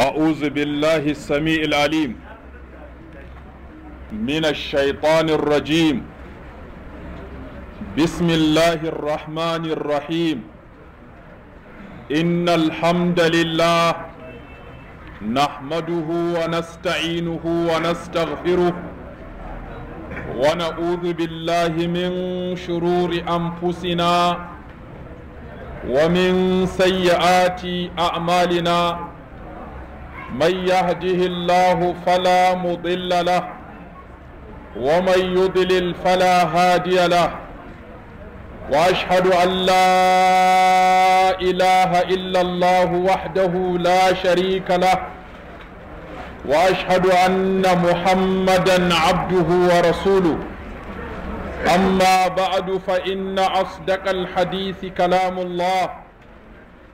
أعوذ بالله السميع العليم من الشيطان الرجيم بسم الله الرحمن الرحيم إن الحمد لله نحمده ونستعينه ونستغفره ونعوذ بالله من شرور أنفسنا ومن سيئات أعمالنا من يهده الله فلا مضل له ومن يضلل فلا هادي له واشهد ان لا اله الا الله وحده لا شريك له واشهد ان محمدا عبده ورسوله اما بعد فان اصدق الحديث كلام الله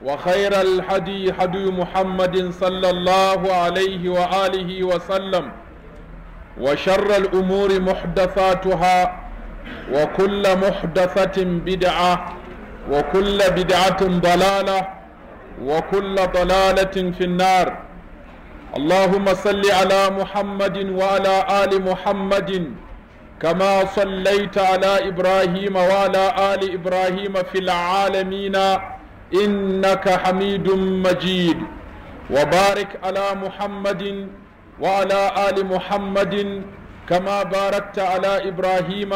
وخير الحدي حدي محمد صلى الله عليه وآله وسلم وشر الأمور محدثاتها وكل محدثة بدعة وكل بدعة ضلالة وكل ضلالة في النار اللهم صل على محمد وعلى آل محمد كما صليت على إبراهيم وعلى آل إبراهيم في العالمين إنك حميد مجيد وبارك على محمد وعلى آل محمد كما باركت على إبراهيم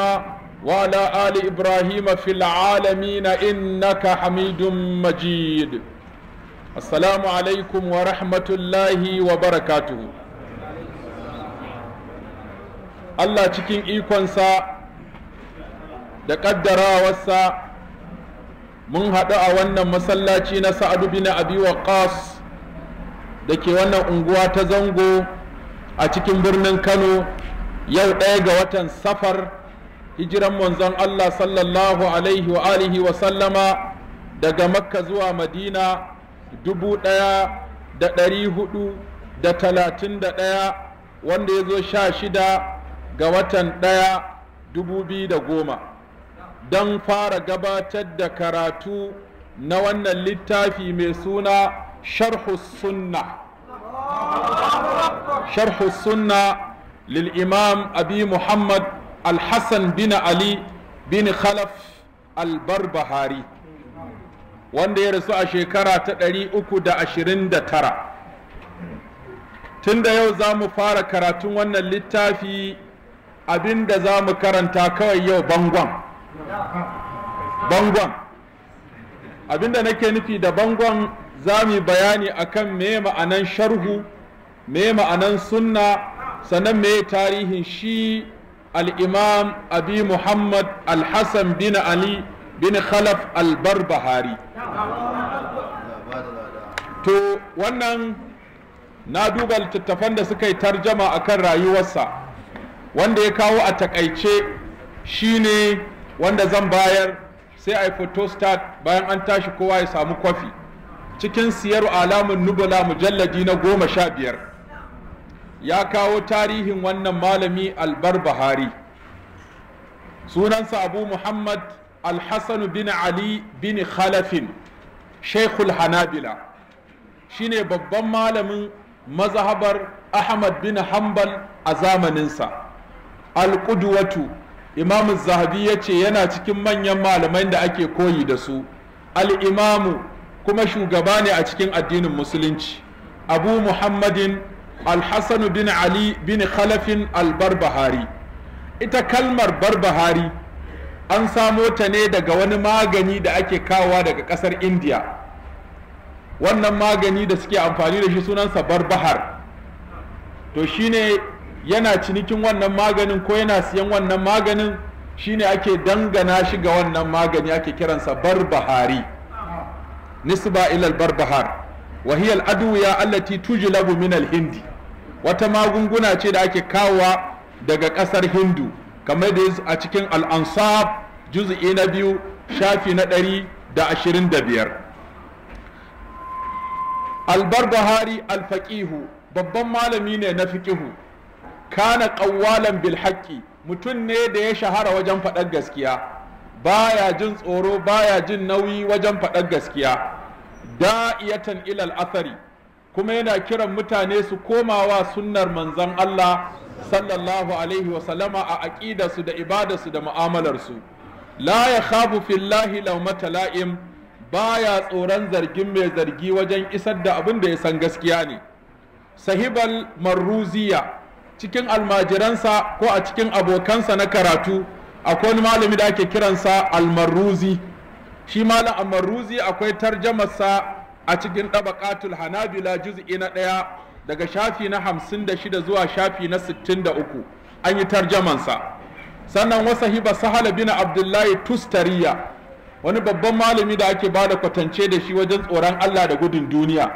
وعلى آل إبراهيم في العالمين إنك حميد مجيد السلام عليكم ورحمة الله وبركاته الله cikin ikonsa da ƙaddarawarsa mun haɗu a wannan masallaci na sa'adu bin abi waqas da ke wannan unguwa ta zango a cikin birnin kano yau ɗaya ga watan safar hijiran manzon allah sallallahu alaihi wa alihi wa sallama daga makka zuwa madina dubu ɗaya da ɗari hudu da talatin da ɗaya wanda ya zo sha shida ga watan ɗaya dubu biyu da goma don fara gabatar da karatu na wannan littafi mai suna sharhu sunna sharhu lil imam abi muhammad al-hassan bin ali bin khalaf al-barbahari wanda ya rasu a shekara ta 329 tun da yau za mu fara karatun wannan littafi abinda za mu karanta kawai yau bangon bangon abinda nake nufi da bangon za mu yi bayani akan me ma'anan sharhu me ma'anan sunna sannan me tarihin shi al-imam abi muhammad al-hassan bin ali bin khalaf al-barbahari to wannan na duba littattafan da suka yi tarjama akan rayuwarsa wanda ya kawo a takaice shine wanda zan bayar sai a yi photostat bayan an tashi kowa ya samu kwafi cikin siyar alamun nubala mujalladi na goma sha biyar ya kawo tarihin wannan malami albar bahari sunansa abu muhammad alhassanu bin ali bin khalafin shaikhul hanabila shine babban malamin mazhabar ahmad bin hanbal a zamaninsa alƙuduwatu imam zahabi ya ce yana cikin manyan malamai da ake koyi da su al'imamu kuma shugaba ne a cikin addinin musulunci abu muhammadin alhassanu bin ali bin khalafin albarbahari ita kalmar barbahari an samo ta ne daga wani magani da ake kawowa daga kasar indiya wannan magani da suke amfani da shi sunansa barbahar to shine yana cinikin wannan maganin ko yana siyan wannan maganin shine ake dangana shi ga wannan magani ake kiransa barbahari nisba ila barbahar wa hiya al-adwiya allati tujlabu min al-hindi wata magunguna ce da ake kawowa daga kasar hindu kamar da a cikin al-ansab juz'i na biyu shafi na ɗari da ashirin da biyar albarbahari alfaƙihu babban malami ne na fiƙihu kana qawwalan bil haqqi mutum ne da ya shahara wajen faɗar gaskiya baya jin tsoro baya jin nauyi wajen faɗar gaskiya da'iyatan ilal athari kuma yana kiran mutane su komawa sunnar manzon Allah sallallahu alaihi wa sallama a aqidarsu da ibadarsu da mu'amalarsu la yakhafu fillahi lawmata la'im baya tsoron zargin mai zargi wajen isar da abin da ya san gaskiya ne sahibal marruziya cikin almajiransa ko a cikin abokansa na karatu akwai wani malami da ake kiransa almarruzi shi malam almarruzi akwai tarjamarsa a cikin ɗabaƙatul hanabila juz'i na ɗaya daga shafi na hamsin da shida zuwa shafi na sittin da uku an yi tarjamansa sannan wasa hiba sahala bin abdullahi tustariya wani babban malami da ake bada kwatance da shi wajen tsoron allah da gudun duniya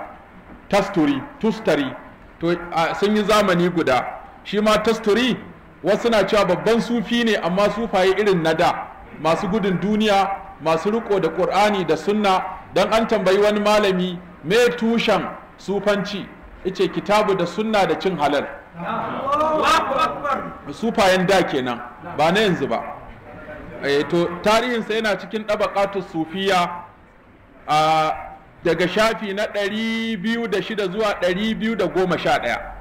tasturi tustari to sun yi zamani guda shi ma tasturi wasu na cewa babban sufi ne amma sufaye irin na da masu gudun duniya masu riko da ƙur'ani da sunna don an tambayi wani malami mai tushen sufanci ice kitabu da sunna da cin halal sufayen da kenan ba na yanzu ba eh, to tarihinsa yana cikin ɗabaƙatun sufiya daga shafi na 206 zuwa 211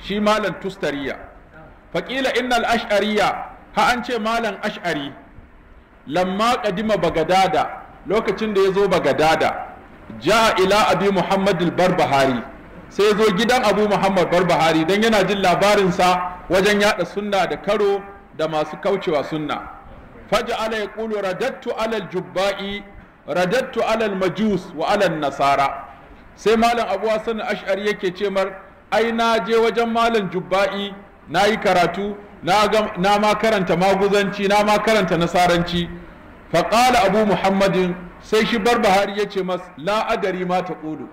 shi malam tustariya faƙila innal ash'ariya ha an ce malam ash'ari lamma kadima bagadada lokacin da ya zo bagadada ja ila abi muhammad barbahari sai zo gidan abu muhammad barbahari don yana jin labarinsa wajen yada sunna da karo da masu kaucewa sunna faja ala ya kulu radattu alal jubba'i radattu alal majus wa alal nasara sai malam abu hasan ash'ari yake ce mar ai na je wajen malam jubba'i na yi karatu na ma karanta maguzanci na ma karanta nasaranci faƙala abu muhammadin sai shi bar bahari ya ce mas la ma ta ƙudu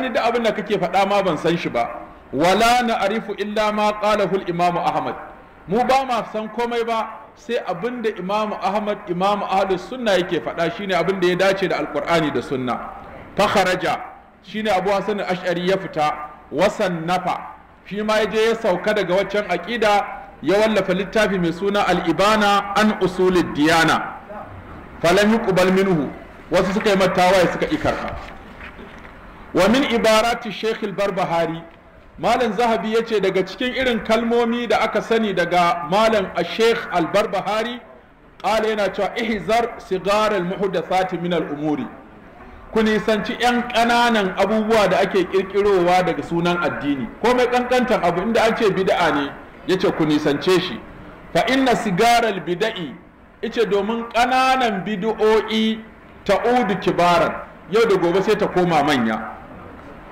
ni da abin da kake faɗa ma ban san shi ba wala na arifu illa ma hul imamu ahmad mu ba ma san komai ba sai abin da imamu ahmad imamu ahlus sunna yake faɗa shine abin da ya dace da alƙur'ani da sunna ta kharaja shine abu hasan ash'ari ya fita wasannafa shi ma ya je ya sauka daga waccan aƙida ya wallafa littafi mai suna al'ibana an usulid diyana falam yuqbal minhu wasu suka yi ya suka ikarka wa min ibarati sheikh al-barbahari malam zahabi yace daga cikin irin kalmomi da aka sani daga malam sheikh al-barbahari qala yana cewa ihzar sigar al-muhdathati min umuri ku nisanci 'yan ƙananan abubuwa da ake ƙirƙirowa daga sunan addini komai ƙanƙantan abu inda an ce bida'a ne ya ce ku nisance shi fa inna sigaral bida'i ice domin ƙananan ta udu kibaran yau da gobe sai ta koma manya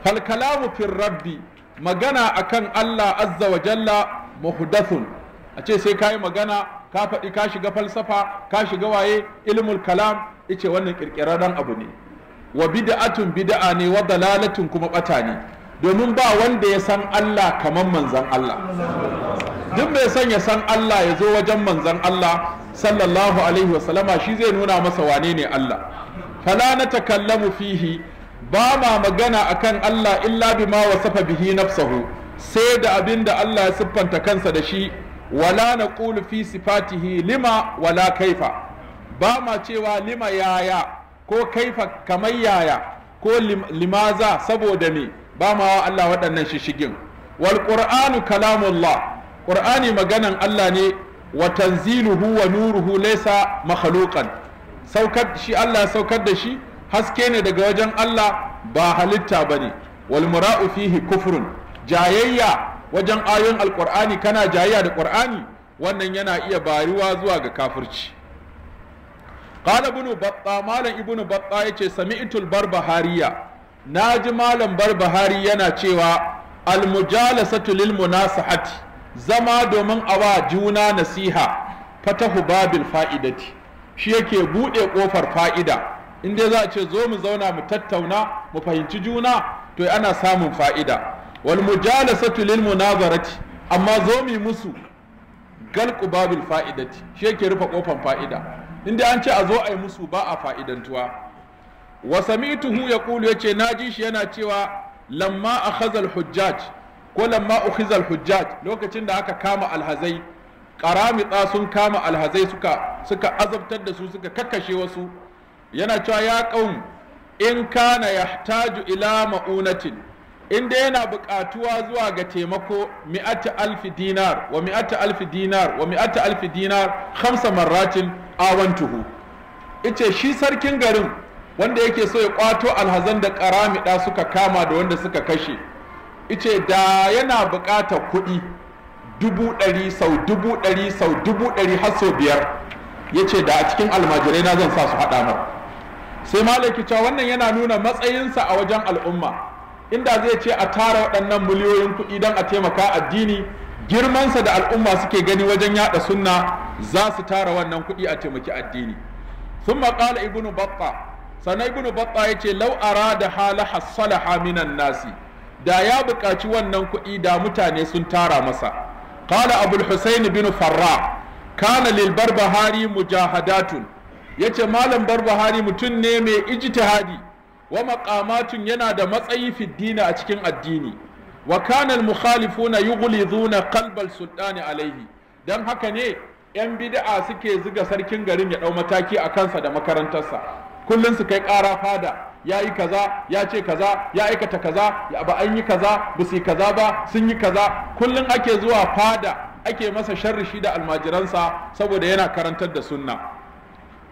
fal kalamu rabbi magana akan Allah azza wa jalla muhdathun a ce sai kayi magana ka faɗi ka shiga falsafa ka shiga waye ilmul kalam ice wannan ƙirƙirarren abu ne wa bid'atun bid'a ne wa dalalatun kuma bata ne domin ba wanda ya san Allah kamar manzan Allah duk mai san ya san Allah ya zo wajen manzan Allah sallallahu alaihi wasallama shi zai nuna masa wane ne Allah fala na takallamu fihi ba ma magana akan Allah illa bima wasafa bihi nafsahu sai da abin da Allah ya siffanta kansa da shi wala na fi sifatihi lima wala kaifa ba ma cewa lima yaya ko kaifa kamar yaya ko limaza saboda me ba ma wa Allah waɗannan shishigin wal qur'anu kalamullah qur'ani maganan Allah ne wa tanziluhu wa nuruhu laysa makhluqan saukar shi Allah saukar da shi haske ne daga wajen Allah ba halitta bane wal mura'u fihi kufrun jayayya wajen ayoyin alqur'ani kana jayayya da qur'ani wannan yana iya baruwa zuwa ga kafirci qala ibnu batta malam ibnu batta yace sami'tul barbahariya naji malam barbahari yana cewa al mujalasatu lil munasahati zama domin a wa juna nasiha fatahu babil fa'idati shi yake buɗe ƙofar fa'ida in dai za a ce zo mu zauna mu tattauna mu fahimci juna to ana samun fa'ida wal mujalasatu lil munazarati amma zo mu musu galqu babil fa'idati shi yake rufe ƙofar fa'ida inda an ce a zo a yi musu ba a fa'idantuwa ya kulu ya ce na ji shi yana cewa lamma a Hazal hujjaj ko lamma uHizal hujjaj lokacin da aka kama alhazai karamita sun kama alhazai suka azabtar da su suka kakkashe wasu yana cewa ya qaum in kana yahtaju ila ma'unatin inda yana buƙatuwa zuwa ga taimako mi'ata alfi dinar wa mi'ata alfi dinar wa mi'ata alfi dinar hamsa marratin awantuhu ice shi sarkin garin wanda yake so ya kwato alhazan da karamida suka kama da wanda suka kashe ice da yana buƙatar kuɗi dubu ɗari sau dubu ɗari sau dubu ɗari har biyar ya ce da a cikin almajirai na zan sa su haɗa mar sai malaki wannan yana nuna matsayinsa a wajen al'umma inda zai ce a tara waɗannan miliyoyin kuɗi don a taimaka addini girmansa da al'umma suke gani wajen yaɗa sunna za su tara wannan kuɗi a taimaki addini sun maƙala ibnu batta sannan ibnu batta ya ce lau'ara da hala hassalaha minan nasi da ya buƙaci wannan kuɗi da mutane sun tara masa Ƙala abul husayn bin farra kana lil barbahari mujahadatun ya ce malam barbahari mutum ne mai ijtihadi wa maqamatun yana da matsayi fi dini a cikin addini wa kana al mukhalifuna yughlizuna qalbal sultani alaihi dan haka ne yan bid'a suke zuga sarkin garin ya dau mataki a kansa da makarantarsa kullun su kai ƙara fada ya yi kaza ya ce kaza ya aikata kaza ba an yi kaza ba su yi kaza ba sun yi kaza kullun ake zuwa fada ake masa sharri shi da almajiransa saboda yana karantar da sunna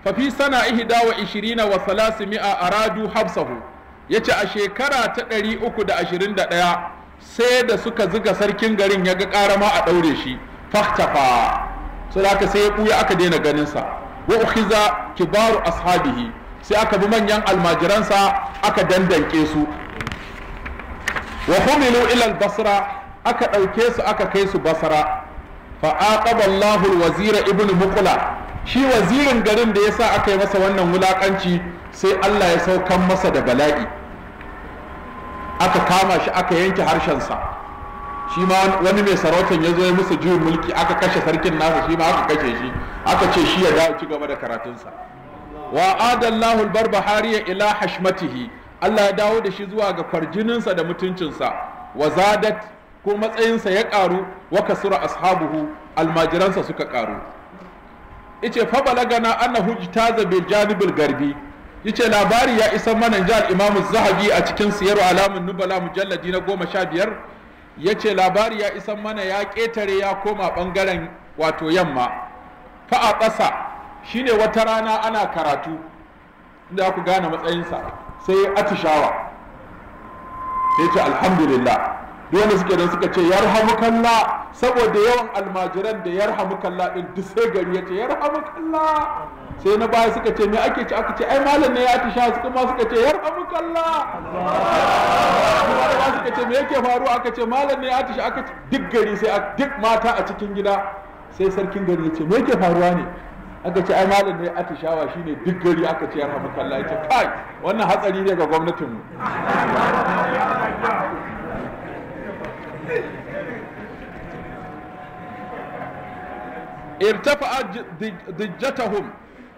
fa fi sana ihda wa ishirina wa salasimi'a aradu habsahu yace a shekara ta ɗari uku da ashirin da ɗaya sai da suka ziga sarkin garin ya ga ƙarama a ɗaure shi fahtafa so da aka sai ya ɓuya aka daina ganinsa wa ukhiza kibaru ashabihi sai aka bi manyan almajiransa aka dandanke su wa humilu ila aka ɗauke su aka kai su basra fa aqaba Allahu al-wazira shi wazirin garin da ya sa aka yi masa wannan wulakanci sai Allah ya saukan masa da bala'i aka kama shi aka yanke harshensa shi ma wani mai sarautar ya zo ya musu juyin mulki aka kashe sarkin nasa shi ma aka kashe shi aka ce shi ya dawo ci gaba da karatunsa wa adallahu albarbahariya ila hashmatihi Allah ya dawo da shi zuwa ga kwarjininsa da mutuncinsa wa zadat ko matsayinsa ya karu wa kasura ashabuhu almajiransa suka karu yace fa balagana annahu jtaza bil janibil garbi yace labari ya isa mana jihar imamu zahabi a cikin siyar alamun nubala mujalladi na goma sha biyar yace labari ya isa mana ya ketare ya koma ɓangaren wato yamma fa a ƙasa shine wata rana ana karatu da ku gane matsayinsa sai atishawa yace alhamdulillah wanda suke da suka ce yarhamukalla saboda yawan almajiran da yarhamukalla din duk sai gari ya ce yarhamukalla sai na baya suka ce me ake ci aka ce ai malam ne ya tisha su kuma suka ce yarhamukalla kuma da suka ce me yake faru aka ce malam ne ya tisha aka ce duk gari sai duk mata a cikin gida sai sarkin gari ya ce me yake faruwa ne aka ce ai malam ne atishawa shine duk gari aka ce yarhamukalla ya ce kai wannan hatsari ne ga mu. irtafa'a dijjatahum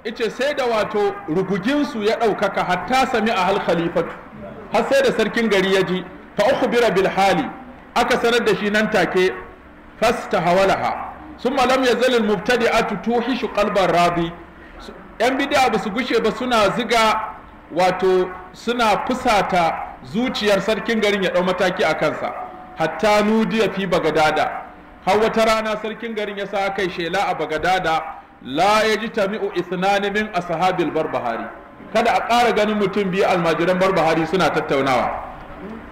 ice sai da wato ruguginsu ya ɗaukaka hatta sami a hal khalifatu har sai da sarkin gari ya ji fa bira bil hali aka sanar da shi nan take fastahawalaha summa lam yazal mubtadi'atu tuhishu qalban Rabi. yan bid'a ba su gushe ba suna ziga wato suna fusata zuciyar sarkin garin ya ɗau mataki a kansa hatta nudiya fi bagadada har wata rana sarkin garin ya sa kai shela a bagadada la ya ji tamiu ithnani min ashabil barbahari kada a ƙara ganin mutum biyu almajiran barbahari suna tattaunawa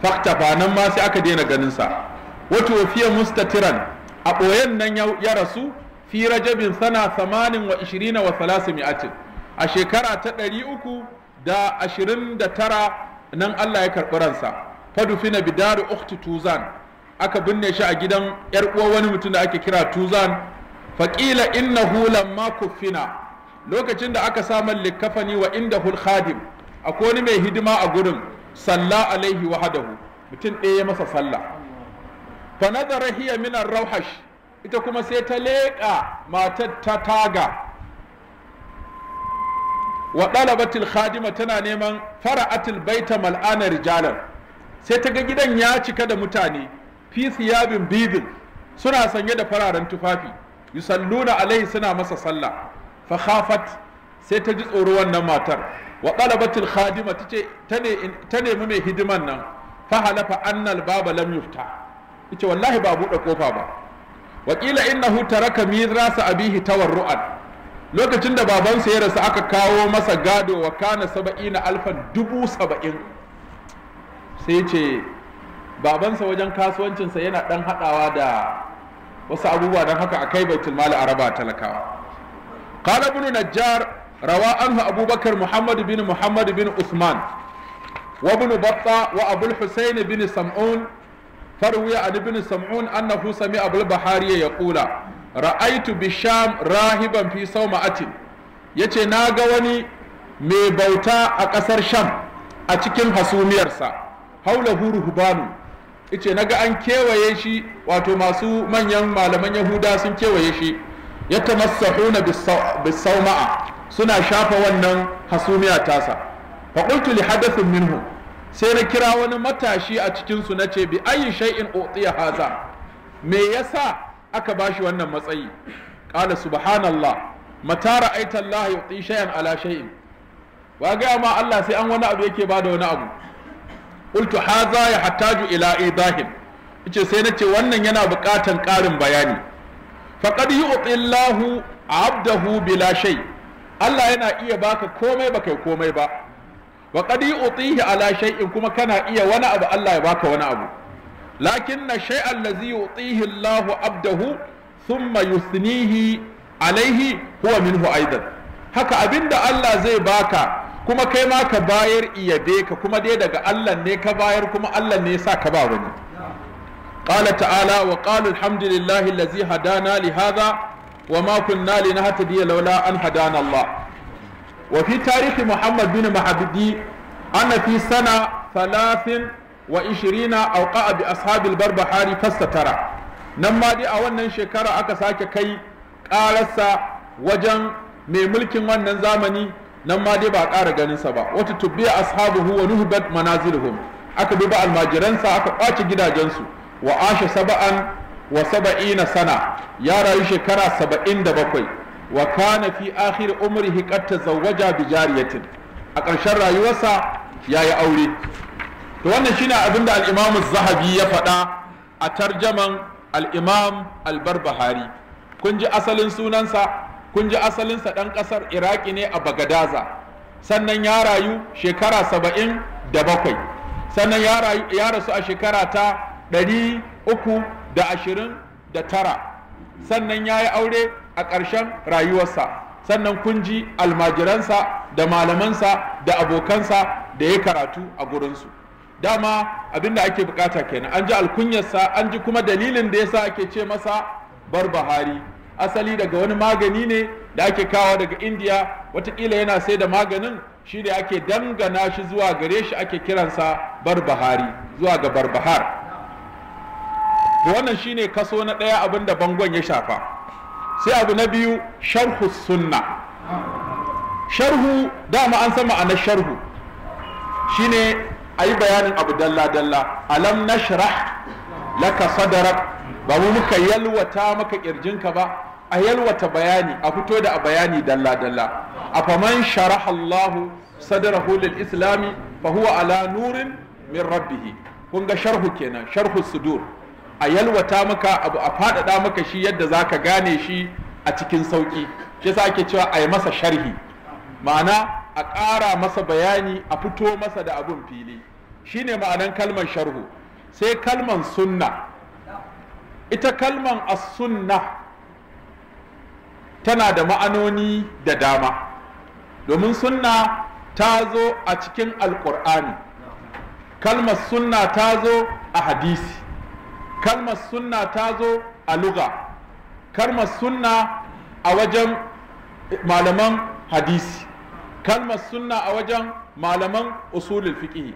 faktafa nan ma sai aka daina ganin sa wato fiye mustatiran a ɓoyen nan ya rasu fi rajabin sana samanin wa ishirina wa a shekara ta ɗari uku da ashirin da tara nan Allah ya karɓi ransa fadufina bidar ukhti tuzan aka binne shi a gidan yar uwa wani mutum da ake kira tuzan faqila innahu lamma kufina lokacin da aka sa man likafani wa inda al-khadim akwai wani mai hidima a gurin salla alaihi wahadahu mutum ɗaya ya masa sallah fa nadara hiya min rawhash ita kuma sai ta leƙa matar ta taga wa ɗalabatil khadima tana neman fara'atil baita mal'ana rijalan sai ta ga gidan ya cika da mutane fi siyabin bidin suna sanye da fararen tufafi yusalluna alaihi suna masa sallah fa khafat sai ta ji tsoro wannan matar wa talabatul khadima tace ta nemi mai hidiman nan fa halafa annal baba lam yufta ita wallahi ba buɗe kofa ba wa qila innahu taraka mirasa abihi tawarru'an lokacin da babansa ya rasu aka kawo masa gado wa kana saba'ina alfan dubu saba'in sai ce babansa wajen kasuwancinsa yana ɗan haɗawa da wasu abubuwa don haka a kai baitul mali a raba talakawa qala ibn najjar rawa anhu abubakar muhammad bin muhammad bin usman wa ibn batta wa abul husayn bin sam'un فروي bin Sam'un سمعون أنه سمع أبو البحاري يقول رأيت بالشام rahiban fi sawma'atin yace na ga wani mai bauta a ƙasar sham a cikin hasumiyarsa haulahu ruhbanu ice naga an kewaye shi wato masu manyan malaman yahuda sun kewaye shi ya tamassahuna bisawma'a suna shafa wannan hasumiya tasa fa qultu li hadathin sai na kira wani matashi a cikin su nace bi ayi shay'in utiya haza me yasa aka bashi wannan matsayi qala subhanallah mata ra'aita Allah yuti shay'an ala shay'in wa ga ma Allah sai an wani abu yake bada wani abu qultu hadha yahtaju ila idahin ce sai nace wannan yana buƙatan ƙarin bayani faqad yu'ti Allahu 'abdahu bila shay Allah yana iya baka komai baka yi komai ba wa qad yu'tihi ala shay'in kuma kana iya wani abu Allah ya baka wani abu lakin na shay'an allazi yu'tihi Allahu 'abdahu thumma yusnihi alaihi huwa minhu aidan haka abinda Allah zai baka kuma kai ma ka bayar iyade ka kuma dai daga Allah ne ka bayar kuma Allah ne sa ka ba wani qala ta'ala wa qala alhamdulillahi allazi hadana li hadha wa ma kunna linahtadiya laula an hada nala. wa fi tarikh Muhammad bin Mahabdi anna fi sana 23 aw qa'a bi ashab al-barbahari fastatara nan ma dai a wannan shekara aka sake kai ƙararsa wajen mai mulkin wannan zamani nan ma dai ba a ƙara ganinsa ba wata tubbiya ashabuhu wa nuhbat manaziluhum aka bi ba almajiransa aka ɓaci gidajensu wa asha saba'an wa saba'ina sana ya rayu shekara saba'in da bakwai wa kana fi akhir umrihi qad tazawwaja bi jariyatin a ƙarshen rayuwarsa yi aure to wannan shine abinda al-Imam zahabi ya faɗa a tarjaman al-Imam al-Barbahari kun ji asalin sunansa kun ji asalinsa ɗan ƙasar iraki ne a bagadaza sannan ya rayu shekara saba'in da bakwai sannan ya rasu a shekara ta ɗari uku da ashirin da tara sannan ya yi aure a ƙarshen rayuwarsa sannan kun ji almajiransa da malamansa da abokansa da ya karatu a gurinsu dama abinda ake bukata kenan an ji alkunyarsa an ji kuma dalilin da yasa ake ce masa barbahari asali daga wani magani ne da ake kawo daga indiya watakila yana sai da maganin shi da ake dangana shi zuwa gare shi ake kiransa barbahari zuwa ga barbahar wannan shi ne kaso na ɗaya abin da bangon ya shafa sai abu na biyu sharhu sunna sharhu dama an sama ma'anar sharhu Shi ne a yi bayanin abu dalla-dalla alam nashrah laka sadarar ba mu muka yalwata maka kirjinka ba a yalwata bayani a fito da a bayani dalla dalla a faman sharaha Allahu sadrahu lil islami fa huwa ala nurin min rabbih kun ga sharhu kenan sharhu sudur a yalwata maka abu a faɗaɗa maka shi yadda zaka gane shi a cikin sauki shi yasa ake cewa a yi masa sharhi ma'ana a ƙara masa bayani a fito masa da abun fili shine ma'anan kalmar sharhu sai kalmar sunna ita kalman as-sunna tana da ma'anoni da dama domin sunna ta zo a cikin alkur'ani kalmar sunna ta zo a hadisi kalmar sunna ta zo a luga kalmar sunna a wajen malaman hadisi kalmar sunna a wajen malaman usulul fiqh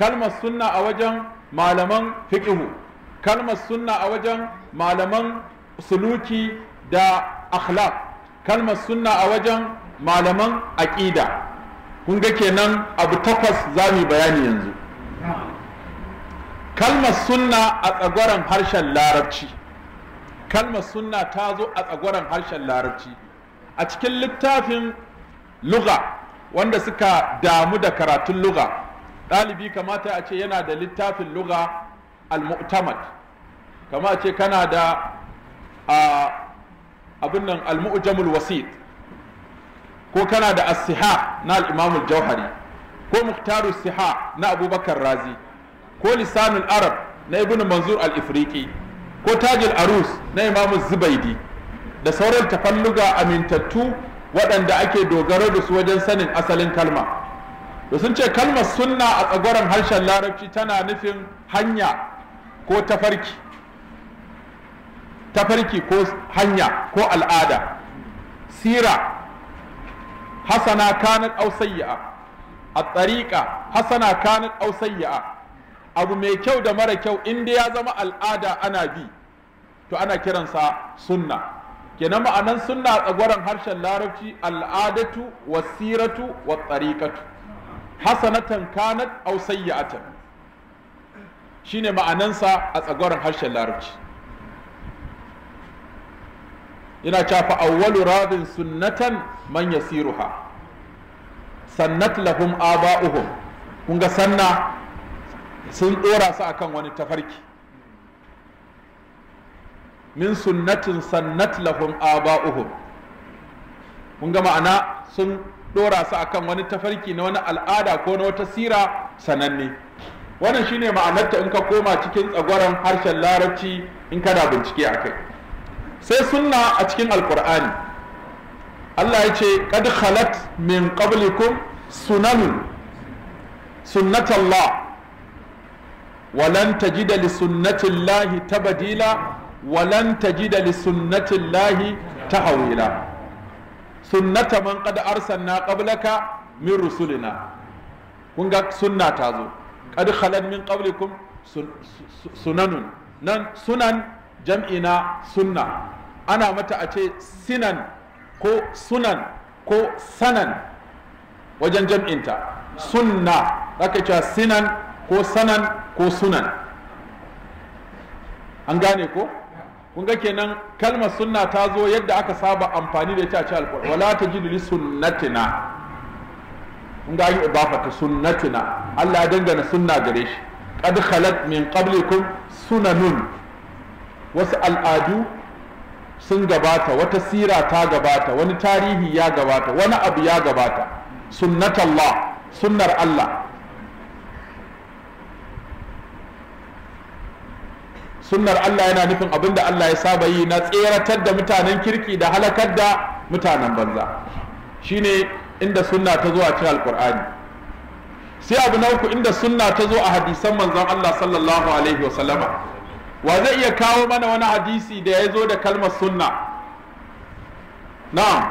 kalmar sunna a wajen malaman fiqhu kalmar sunna a wajen malaman suluki da akhlaq kalmar sunna a wajen malaman aƙida kun ga kenan abu takwas za mu bayani yanzu kalmar sunna a tsagwaron harshen larabci kalmar sunna ta zo a tsagwaron harshen larabci a cikin littafin luga wanda suka damu da karatun luga ɗalibi kamata a ce yana da littafin luga al-mu'tamad kama ce kana da abin nan al-mu'jamul wasit ko kana da as-siha na al imamul jauhari ko muhtaru siha na abubakar razi ko lisanul arab na ibn manzur al-ifriqi ko tajil arus na imam zubaidi da sauran tafalluga amintattu waɗanda ake dogaro da su wajen sanin asalin kalma da sun ce kalmar sunna a tsagoran harshen larabci tana nufin hanya ko tafarki tafarki ko hanya ko al'ada sira hasana kanat aw sayyi'a at-tariqa hasana kanat aw abu mai kyau da mara kyau in ya zama al'ada ana bi to ana kiransa sunna kenan ma'anan sunna a tsagwaron harshen larabci al'adatu wasiratu wa tariqatu hasanatan kanat aw sayyi'atan shine ma'anansa a tsagoron harshen larabci Ina cafa awwalu rabin sunnatan man yasiruha sannat lahum aba'uhum kun ga sanna sun dora su akan wani tafarki min sunnatin sannat lahum aba'uhum kun ga ma'ana sun dora su akan wani tafarki na wani al'ada ko na wata sira sananne wannan shine ma'anarta in ka koma cikin tsagwaron harshen larabci in kana bincike a kai sai sunna a cikin alkur'ani Allah ya ce qad khalat min qablikum sunanun sunnatallah ولن تجد لسنة الله تبديلا ولن تجد لسنة الله تحويلا سنة من قد أرسلنا قبلك من رسلنا kun ga sunna ta zo qad khalat min qablikum sunanun nan sunan jam'ina sunna ana mata a ce sinan ko sunan ko sanan wajen jam'inta sunna zaka cewa sinan ko sanan ko sunan an gane ko kun ga kenan kalmar sunna ta zo yadda aka saba amfani da ita a ce alƙur'ani wala tajidu li sunnatina in ga yi ta sunnatuna Allah ya dangana sunna gare shi qad khalat min qablikum sunanun wasu al'adu sun gabata wata sira ta gabata wani tarihi ya gabata wani abu ya gabata sunnatallah sunnar Allah sunnar Allah yana nufin abin da Allah ya saba yi na tseratar da mutanen kirki da halakar da mutanen banza shine inda sunna ta zo a cikin alkur'ani sai abu na uku inda sunna ta zo a hadisan manzon Allah sallallahu alaihi wa sallama wa zai iya kawo mana wani hadisi da ya zo da kalmar sunna na'am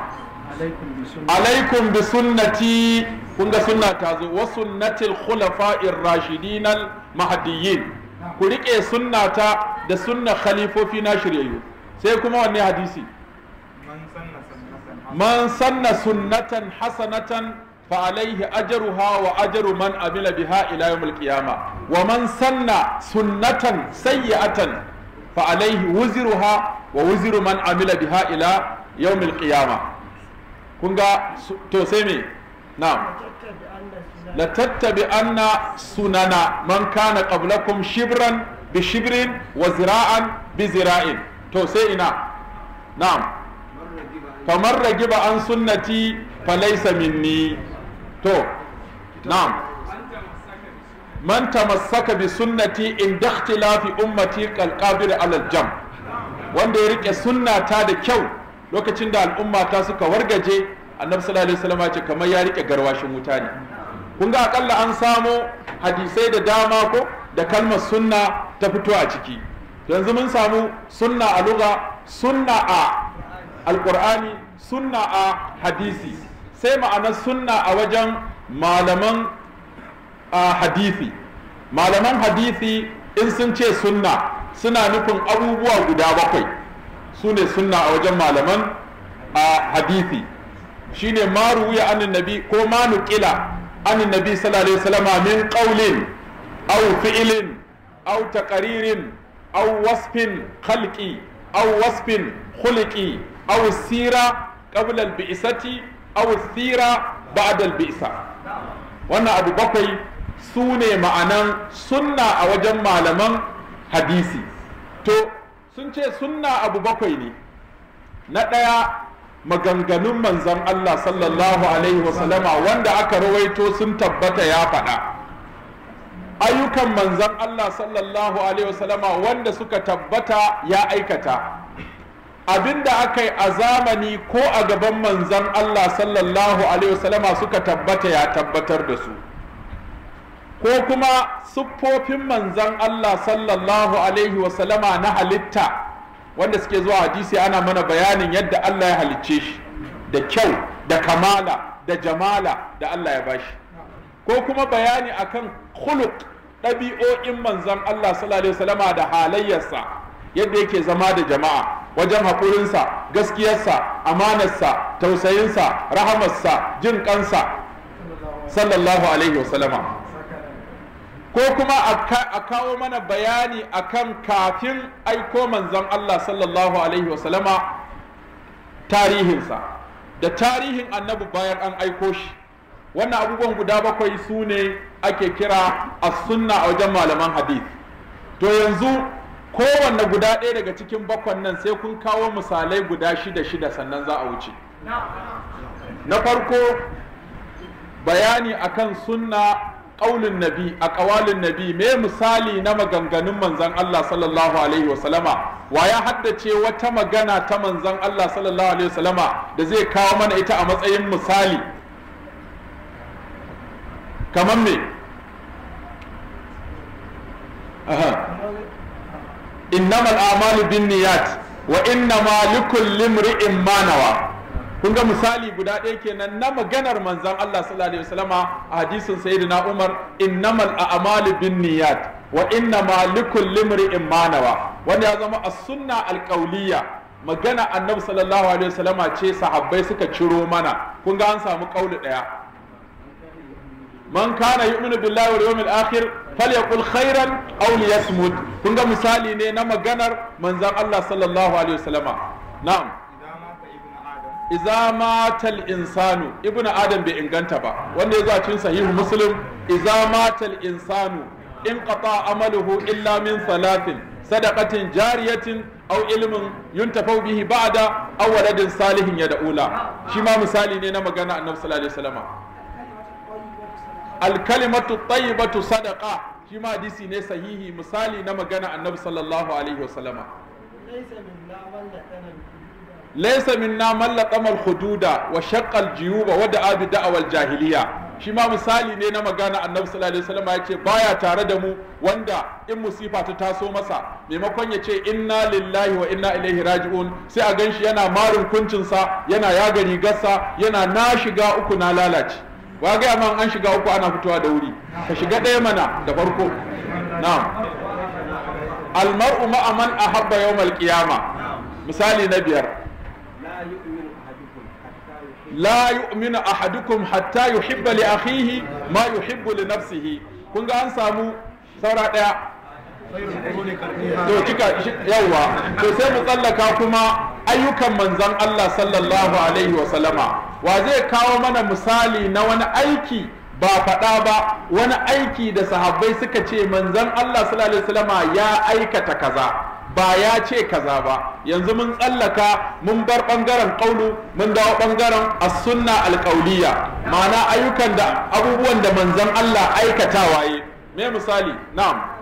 alaikum bi sunnati kun ga sunna ta zo wa sunnatil khulafa'ir rashidin al mahdiyyin ku rike sunnata da sunna khalifofi na shiryayyu sai kuma wanne hadisi man man sanna sunnatan hasanatan fa wa ajru man sanna sunnatan sayyi'atan fa alaihi wuzruha wa wuzru man amila biha ila yawmil qiyama la tattabi anna sunana man kana kum shibran bi wa zira'an bi zira'in faman ragiba an sunnati falaisa minni to na'am man tamassaka bi sunnati da ikhtilafi ummati kalqabir alal jam wanda ya rike sunnata da kyau lokacin da al'umma ta suka wargaje annabi sallallahu alaihi wasallam ce kamar ya rike garwashin wuta ne kun ga akalla an samo hadisai da dama ko da kalmar sunna ta fito a ciki yanzu mun samu sunna a lugha sunna a Alƙur'ani sunna a hadisi sai ma'anar sunna a wajen malaman a hadisi malaman hadisi in sun ce sunna suna nufin abubuwa guda bakwai su ne sunna a wajen malaman a hadisi ne maru ya annin nabi ko ma nuƙila annin nabi sallallahu alaihi min ƙaulin au fi'ilin, au taqririn au wasfin khalqi au wasfin khuluqi aw sira qabla al-bi'sati aw sira ba'da wannan abu bakwai su ne ma'anan sunna a wajen malaman hadisi to sun ce sunna abu bakwai ne na ɗaya maganganun manzon Allah sallallahu alaihi wasallama wanda aka rawaito sun tabbata ya faɗa ayyukan manzon Allah sallallahu alaihi wasallama wanda suka tabbata ya aikata abinda aka yi a zamani ko a gaban manzan Allah sallallahu alaihi wasallama suka tabbata ya tabbatar da su ko kuma siffofin manzan Allah sallallahu alaihi wasallama na halitta wanda suke zuwa hadisi ana mana bayanin yadda Allah ya halicce shi da kyau da kamala da jamala da Allah ya bashi ko kuma bayani akan kuluk ɗabi'o'in manzan Allah sallallahu alaihi wasallama da halayyarsa yadda yake zama da jama'a wajen haƙurinsa gaskiyarsa amanarsa tausayinsa rahamarsa jin ƙansa, sallallahu alaihi wasallama ko kuma a kawo mana bayani akan kafin aiko manzon Allah sallallahu alaihi wasallama tarihinsa da tarihin annabi bayan an aiko shi wannan abubuwan guda bakwai su ne ake kira a sunna a wajen malaman hadith to yanzu kowanne guda ɗaya daga cikin bakwan nan sai kun kawo misalai guda shida shida sannan za a wuce na farko bayani akan sunna ƙaunin nabi a ƙawalin nabi me misali na maganganun manzan Allah sallallahu alaihi wasallama wa ya haddace wata magana ta manzan Allah sallallahu alaihi wasallama da zai kawo mana ita a matsayin misali kamar me innamal a'malu binniyat wa innama likulli imri'in ma nawa kun ga misali guda ɗaya kenan na maganar manzon Allah sallallahu alaihi wasallama a hadisin sayyidina Umar innamal a'malu binniyat wa innama likulli imri'in ma nawa wanda ya zama as-sunna al-qawliya magana annabi sallallahu alaihi wasallama ce sahabbai suka ciro mana kun ga an samu kauli daya man kana yu'minu billahi wal yawmil akhir falyaqul khairan aw liyasmut kun ga misali ne na maganar manzon Allah sallallahu alaihi wasallama na'am idza mata al-insanu ibnu adam bai inganta ba wanda ya cikin sahihu muslim idza mata al-insanu in qata amaluhu illa min salatin sadaqatin jariyatin aw ilmin yuntafau bihi ba'da aw waladin salihin yad'ula shi ma misali ne na magana annabi sallallahu alaihi wasallama alkalimatu tayyibatu sadaqa shi ma hadisi ne sahihi misali na magana annabi sallallahu alaihi wasallama laysa minna man laqama al-hududa wa shaqqa al-juyuba wa da'a bi da'wal jahiliya shi ma misali ne na magana annabi sallallahu alaihi wasallam ya baya tare da mu wanda in musifa ta taso masa maimakon ya ce inna lillahi wa inna ilaihi raji'un sai a ganshi yana marin kuncinsa yana yaga rigarsa yana na shiga uku na lalace wa gaya man an shiga uku ana fitowa da wuri ka shiga ɗaya mana da farko na'am almar'u ma'a man ahabba yawmal qiyama misali na biyar la yu'minu ahadukum hatta yuhibba li akhihi ma yuhibbu li nafsihi kun ga an samu saura ɗaya to kika yawa to sai mu tsallaka kuma ayyukan manzon Allah sallallahu alaihi wa sallama wa zai kawo mana misali na wani aiki ba faɗa ba wani aiki da sahabbai suka ce manzan Allah sallallahu ya aikata kaza ba ya ce kaza ba yanzu mun tsallaka mun bar bangaren kaulu mun dawo bangaren as-sunna al-qauliyya ma'ana ayyukan da abubuwan da manzan Allah aikatawa yi me misali na'am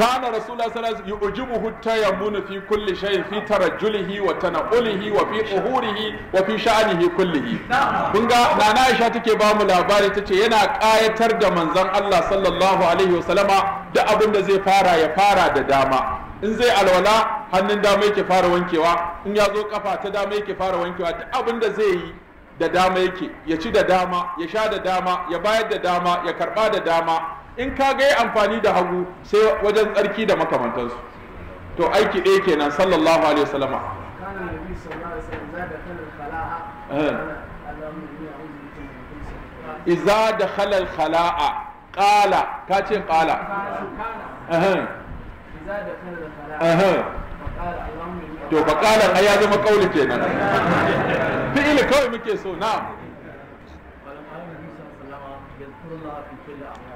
kana rasulullah sallallahu alaihi wasallam yu'jibuhu tayammunu fi kulli shay fi tarajjulihi wa tanawulihi wa fi uhurihi wa fi kullihi kun nana Aisha take bamu mu ta ce yana ƙayatar da manzon Allah sallallahu da abin da zai fara ya fara da dama in zai alwala hannun dama yake fara wankewa in ya zo kafa ta dama yake fara wankewa Da abin da zai yi da dama ya ci da dama ya sha da dama ya bayar da dama ya karɓa da dama in ka ga amfani da hagu sai wajen tsarki da makamantansu to aiki ɗaya kenan sallallahu alaihi wasallama eh. iza da halal khala'a ƙala ka ce ƙala eh. eh. to fa ƙala ai ya zama ƙauli kenan fi'il kawai muke so na.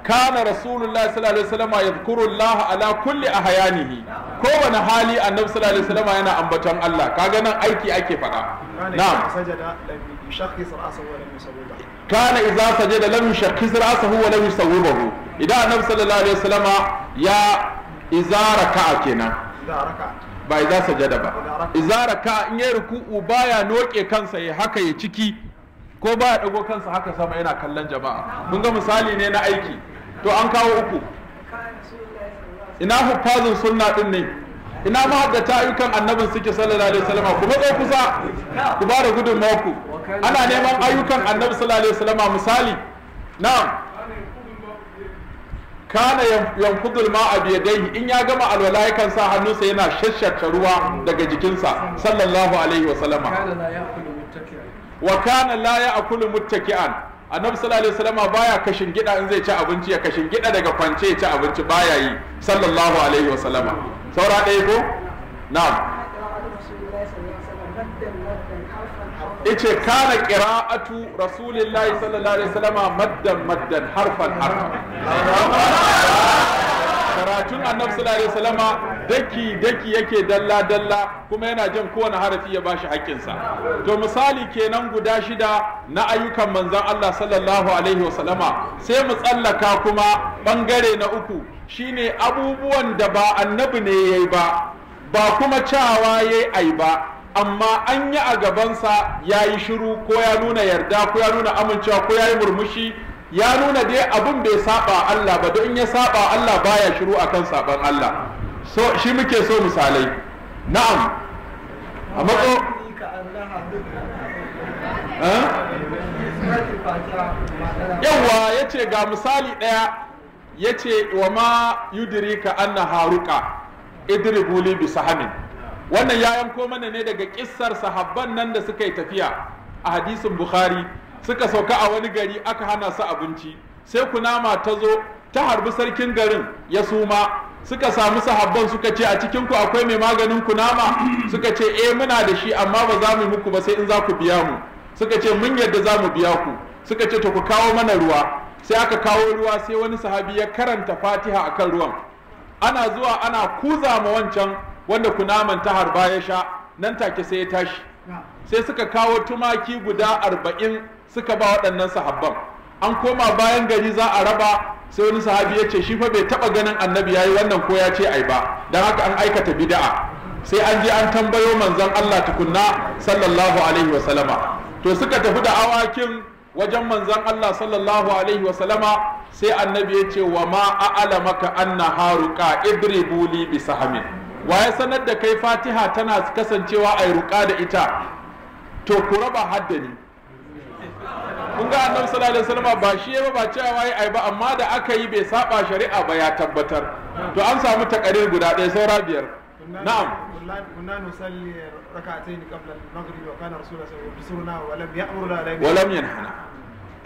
kana rasulullahi sallallahu alaihi wasallam yadhkurullah ala kulli ahyanihi ko wani hali annabi sallallahu alaihi wasallam yana ambaton Allah kaga nan aiki ake faɗa na'am kana idza sajada lam yushakhis ra'sahu wa lam yusawwibahu idan annabi sallallahu alaihi wasallam ya idza raka'a kenan ba idza sajada ba idza raka'a in yayi ruku'u baya noke kansa ya haka ya ciki ko baya dago kansa haka sama yana kallon jama'a mun ga misali ne na aiki to an kawo uku ina hufazin sunna din ne ina mahaddata ayyukan annabin suke sallallahu alaihi wasallam ku matso kusa ku ba da gudunmawar ku ana neman ayyukan annabi sallallahu alaihi wasallam misali na'am kana yanfudul ma'a biyadaihi in ya gama alwala yakan sa hannunsa yana shashshaka ruwa daga jikinsa sallallahu alaihi wasallama wa kana la ya'kulu muttaki'an annabi sallallahu alaihi wasallam baya kashin gida in zai ci abinci ya kashin gida daga kwance ya ci abinci baya yi sallallahu alaihi wasallama saura ɗaya ko na'am ice kana qira'atu rasulillahi sallallahu alaihi wasallama maddan maddan harfan harfan karatun annabi sallallahu alaihi wasallama daki daki yake dalla dalla kuma yana jan kowane harafi ya bashi haƙƙinsa to misali kenan guda shida na ayyukan manzon Allah sallallahu alaihi wasallama sai mu tsallaka kuma bangare na uku shine abubuwan da ba annabi ne yayi ba ba kuma cawa yayi ai ba amma an yi a gabansa ya yi shiru ko ya nuna yarda ko ya nuna amincewa ko ya yi murmushi ya nuna dai abin bai saba Allah ba don ya saba Allah baya shiru akan saban Allah so shi muke so misalai na'am a matso yawwa ya ce ga misali ɗaya ya ce wa ma Yudiri ka anna haruka idribuli bi sahamin wannan ya yanko mana ne daga kissar sahabban nan da suka yi tafiya a hadisin bukhari suka sauka a wani gari aka hana su abinci sai kunama ta zo ta harbi sarkin garin ya suma suka samu sahabban suka ce a cikin ku akwai mai maganin kunama suka ce eh muna da shi amma ba za mu muku ba sai in za ku biya mu suka ce mun yadda za mu biya ku suka ce to ku kawo mana ruwa sai aka kawo ruwa sai wani sahabi ya karanta fatiha akan ruwan ana zuwa ana kuza ma wancan wanda kunaman ta harba ya sha nan take sai ya tashi sai suka kawo tumaki guda arba'in suka ba waɗannan sahabban an koma bayan gari za a raba sai wani sahabi ya ce shi fa bai taɓa ganin annabi ya yi wannan ko ya ce ai ba don haka an aikata bida'a sai an je an tambayo manzon Allah tukunna sallallahu alaihi wa sallama to suka tafi da awakin wajen manzon Allah sallallahu alaihi wa sallama sai annabi ya ce wa ma a'lamaka anna haruqa idribu li bi wa ya sanar da kai fatiha tana kasancewa ai ruqa da ita to ku raba haddani kun ga annabi sallallahu alaihi wasallam ba shi ba ba cewa wai ai ba amma da aka yi bai saba shari'a ba ya tabbatar to an samu takarir guda ɗaya saura biyar na'am كنا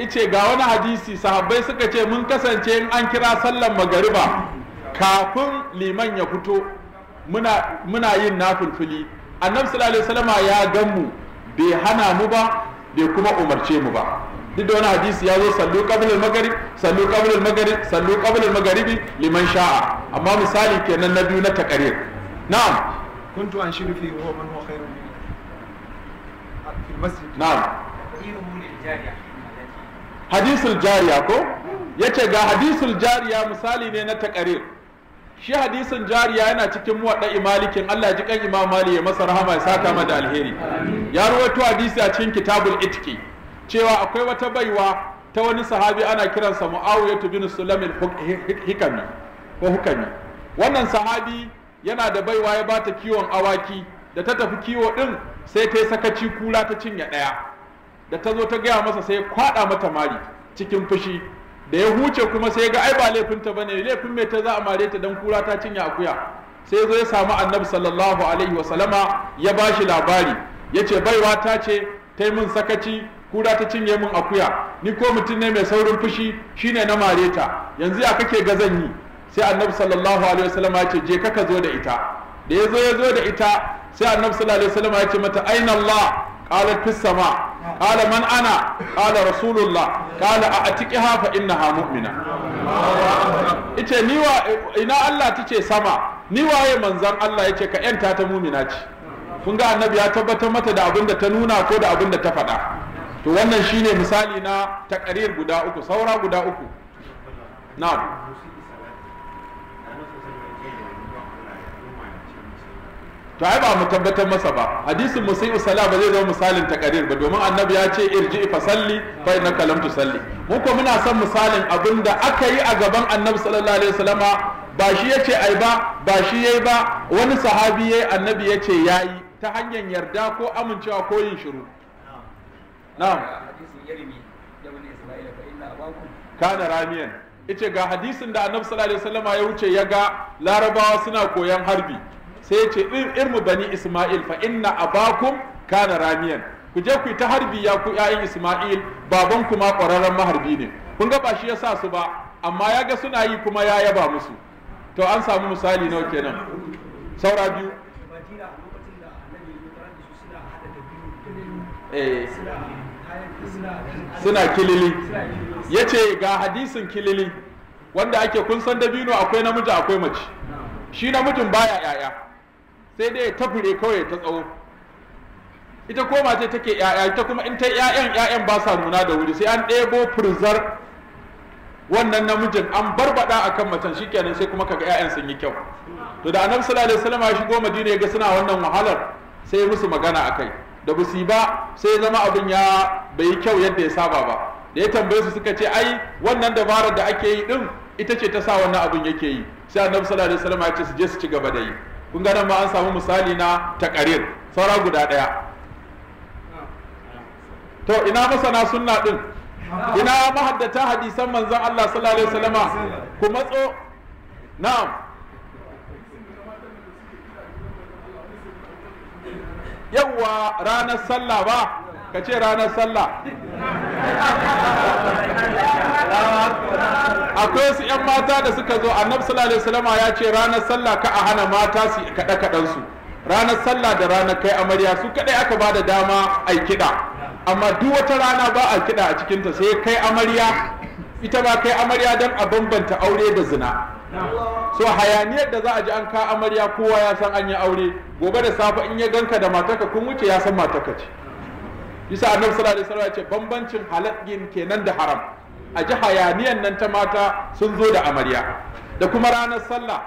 ice ga wani hadisi sahabbai suka ce mun kasance in an kira sallan magariba kafin liman ya fito muna, muna yin nafulfuli annabi sallallahu alaihi wasallam ya gan mu bai hana mu ba bai kuma umarce mu ba duk da wani hadisi ya zo sallu qabla al-maghrib sallu qabla al-maghrib sallu qabla al-maghribi liman sha'a amma misali kenan na biyu na taqrir na'am kuntu anshidu fi huwa man huwa khairun fi masjid na'am hadisul jariya ko yace ga hadisul jariya misali ne na taqrir shi hadisin jariya yana cikin muwadda malikin Allah ji kan imam mali ya masa rahama ya saka mada alheri ya rawaito hadisi a cikin kitabul itqi cewa akwai wata baiwa ta wani sahabi ana kiransa mu'awiyatu bin sulam hikami ko hukami wannan sahabi yana da baiwa ya bata kiwon awaki da ta tafi kiwo din sai ta yi sakaci kula ta cinye ɗaya da ta zo ta gaya masa sai ya kwaɗa mata mari cikin fushi da ya huce kuma sai ga ai ba laifinta ba ne, laifin mai ta za a mare ta dan kura ta cinye akuya sai zo ya samu annabi sallallahu alaihi wa sallama ya bashi labari yace baiwa ta ce ta yi min sakaci kura ta cinye min akuya ni ko mutum ne mai saurin fushi shine na mare ta yanzu ya kake gazan yi sai annabi sallallahu alaihi wasallam ya ce je ka ka zo da ita da ya zo ya zo da ita sai annabi sallallahu alaihi wasallam ya ce mata aina Allah qala fi sama qala man ana qala rasulullah qala a atiqiha fa innaha mu'mina ita ni wa ina Allah tace sama ni waye manzon Allah yace ka yanta ta mu'mina ce kun ga annabi ya tabbatar mata da abin da ta nuna ko da abin da ta faɗa to wannan shine misali na takarir guda uku saura guda uku na to ai ba mu tabbatar masa ba hadisin sai sala ba zai zama misalin takarir ba domin annabi ya ce irji fa salli fa innaka lam tusalli mu ko muna son misalin abinda aka yi a gaban annabi sallallahu alaihi wasallama ba shi yace ai ba ba shi yayi ba wani sahabi yayi annabi yace yayi ta hanyar yarda ko amincewa ko yin shiru na'am ga hadisin da annabi sallallahu alaihi wasallama ya wuce ya ga larabawa suna koyan harbi sai yace irmu bani isma'il fa inna abakum kana ramiyan ku je ku ta harbi ya ku ƴaƴan isma'il baban kuma ƙwararren maharbi ne kun ga ba shi yasa su ba amma ya ga suna yi kuma ya yaba musu to an samu misali nawa kenan saura biyu eh suna kilili ya ce ga hadisin kilili wanda ake kun san dabino akwai namiji akwai mace shi namijin baya yaya sai dai ta fure kawai ta tsawo ita ko mace take yaya ita kuma in ta yayan yayan ba sa nuna da wuri sai an ɗebo furzar wannan namijin an barbada akan mace, macen shikenan sai kuma kaga yayan sun yi kyau to da annabi sallallahu alaihi wasallam ya shigo madina ya ga suna wannan wahalar sai musu magana akai da ba ba sai zama abin ya bai yi kyau yadda ya saba ba da ya tambaye su suka ce ai wannan dabarar da ake yi din ita ce ta sa wannan abin yake yi sai annabi sallallahu alaihi wasallam ya ce su je su ci gaba da yi kun ga nan ma an samu misali na takarir saura guda daya to ina masana sunna din ina mahaddata hadisan manzon Allah sallallahu alaihi wasallam ku matso na'am yawwa ranar sallah ba ka ce ranar sallah akwai wasu 'yan mata da suka zo annabi sallallahu alaihi ya ce ranar sallah ka a hana mata su kaɗe kaɗansu ranar sallah da ranar kai amarya su kaɗai aka ba da dama a kiɗa amma duk wata rana ba a kiɗa a cikinta sai kai amarya ita ba kai amarya don a bambanta aure da zina so hayaniyar da za a ji an ka amarya kowa ya san an yi aure gobe da safe in ya ganka da mataka kun wuce ya san mataka ce bisa annabi sallallahu alaihi wasallam ya ce bambancin haladdin kenan da haram a ji hayaniyan nan ta mata sun zo da amarya da kuma ranar sallah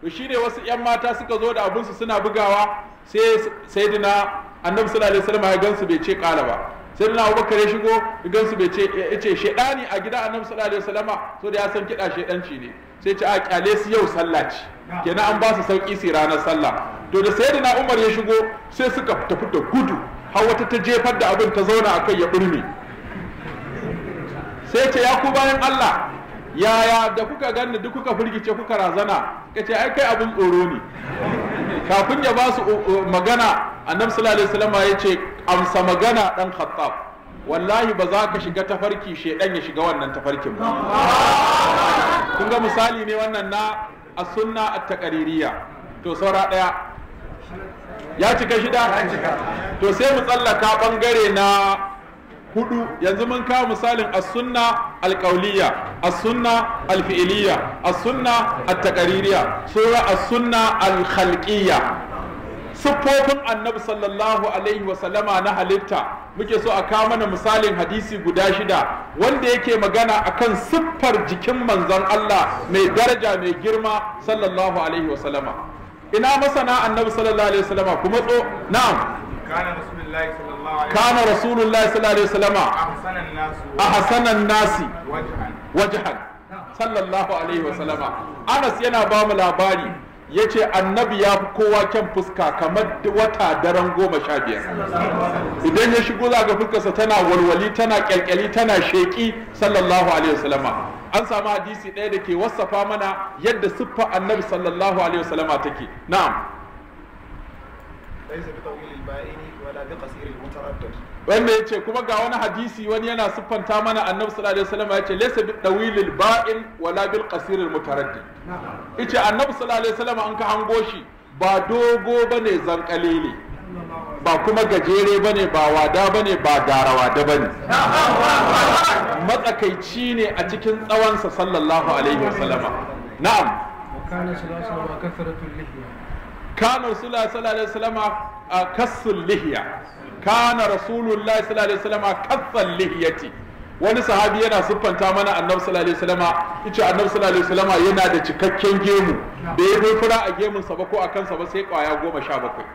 to shine wasu yan mata suka zo da abinsu suna bugawa sai sayyidina annabi sallallahu alaihi wasallam ya gansu bai ce kala ba na abubakar ya shigo gansu bai ce ya ce shedani a gida annabi sallallahu alaihi wasallam so da ya san kida shedanci ne sai ce a kyale su yau sallah ce kenan an ba su sauki su ranar sallah to da na Umar ya shigo sai suka tafi da gudu har wata ta jefar da abin ta zauna a kai ya burme sai ce ya ku bayan Allah yaya da kuka ganni duk kuka firgice kuka razana ce ai kai abin tsoro ne kafin ya ba su uh, uh, magana annabi sallallahu alaihi wasallam ya ce amsa magana dan khattab wallahi ba za ka shiga tafarki shaidan ya shiga wannan tafarkin ba kun ga misali ne wannan na a sunna a takaririya to saura ɗaya ya cika shida to sai mu tsallaka ɓangare na hudu yanzu mun kawo misalin a sunna alkauliya a as-sunna al-fi'liya as-sunna sura siffofin annabi sallallahu alaihi wasallama na halitta muke so a kawo mana misalin hadisi guda shida wanda yake magana akan siffar jikin manzon Allah mai daraja mai girma sallallahu alaihi wasallama ina masana annabi sallallahu alaihi wasallama kuma tso na'am kana rasulullahi sallallahu alaihi wasallama nasi ahsanan nasi wajhan sallallahu alaihi wasallama Anas yana ba mu labari ya ce annabi ya fi kowa kyan fuska kamar wata daren goma sha biyar idan ya shigo za ga fuskarsa tana walwali tana kyalkyali tana sheƙi sallallahu alaihi wasallama an samu hadisi ɗaya da ke wasafa mana yadda siffa annabi sallallahu alaihi wasallama take na'am laysa bi tawil al-ba'ini wala bi qasir al-mutaraddid wanda ya ce kuma ga wani hadisi wani yana siffanta mana annabi sallallahu alaihi wasallam ya ce laysa bil dawilil ba'in wala bil qasiril mutaraddi yace annabi sallallahu alaihi wasallam an ka hango shi ba dogo bane ne ba kuma gajere bane ba wada bane ba garawa da bane matsakaici ne a cikin tsawonsa sallallahu alaihi wasallama na'am kana sallallahu alaihi wasallama kasrul lihiya kana rasulullahi sallallahu alaihi wasallama kaffal lihiyati wani sahabi yana siffanta mana annabi sallallahu alaihi wasallama yace annabi sallallahu alaihi wasallama yana da cikakken gemu da ya bai fura a gemun sa ba ko a kansa ba sai kwaya goma sha bakwai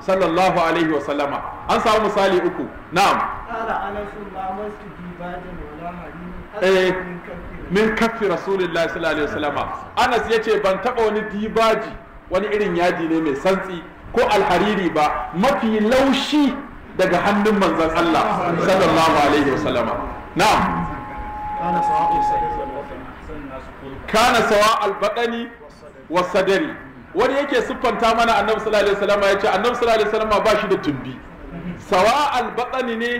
sallallahu alaihi wasallama an samu misali uku na'am eh min kaffi rasulullahi sallallahu alaihi wasallama anas yace ban taba wani dibaji wani irin yaji ne mai santsi ko alhariri ba mafi laushi daga hannun manzan Allah sallallahu alaihi wasallama Na. kana sawa albadani sadari. wani yake siffanta mana annabi sallallahu alaihi wasallama yace annabi sallallahu alaihi wasallama ba shi da tumbi sawa albadani ne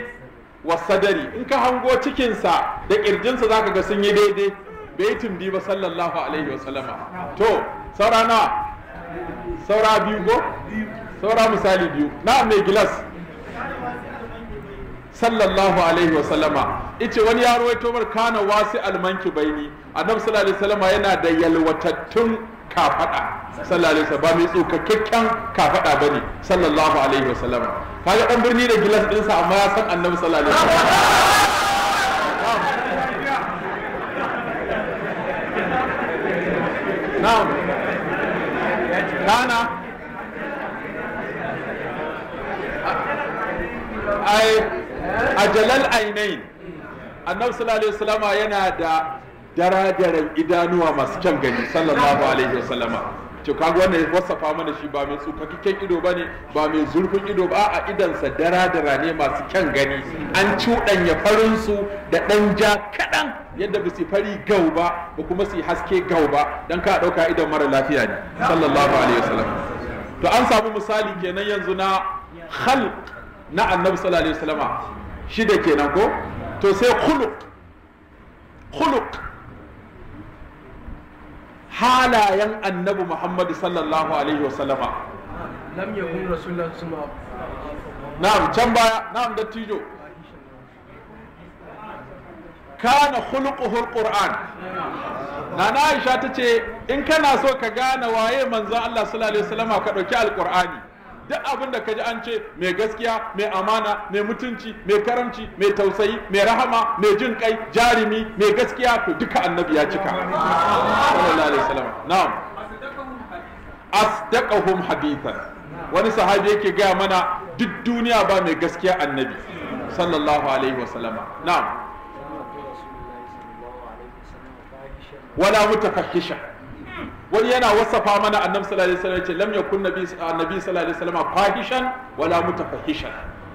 wa sadari. in ka hango cikinsa da kirjinsa zaka ga sun yi daidai bai tumbi ba sallallahu alaihi wasallama to saurana saura biyu ko saura misali biyu na mai gilas sallallahu alaihi wa sallama ice wani ya Tomar mar kana wasi almanki baini annab sallallahu alaihi sallama yana da yalwatattun kafada sallallahu alaihi wasallam ba mai tsokakken kafada bane sallallahu alaihi wa sallama kaga dan birni da gilas sa amma ya san annab sallallahu alaihi sallama Na'am. ghana a jalal ainihin annabi sallallahu alaihi yana da daradaran idanuwa masu kyan gani sallallahu alaihi wasallama to kaga wanda ya wasafa mana shi ba mai tsukakken ido ba ne ba mai zurfin ido ba a idansa dara-dara ne masu kyan gani an cuɗanya su da ɗan ja kaɗan yadda ba su fari gau ba ba kuma su haske gau ba don ka ɗauka idan mara lafiya ne sallallahu alaihi wasallam to an samu misali kenan yanzu na hal na annabi sallallahu alaihi shi shida kenan ko to sai khuluq khuluq halayen annabi muhammadu sallallahu alaihi wasallama lam na'am can baya na'am dattijo kana khuluquhul na nana aisha tace in kana so ka gane waye manzon Allah sallallahu alaihi wasallama ka ɗauki alqur'ani duk abin da ka ji an ce mai gaskiya mai amana mai mutunci mai karamci mai tausayi mai rahama mai jin kai jarimi mai gaskiya to duka annabi ya cika wasallam na'am asdaqahum hadithan wani sahabi yake gaya mana duk duniya ba mai gaskiya annabi sallallahu alaihi wasallam na'am wala mutafakisha wani yana wasafa mana annabi sallallahu alaihi wasallam ce lam yakun nabi sallallahu alaihi wasallam fahishan wala mutafahishan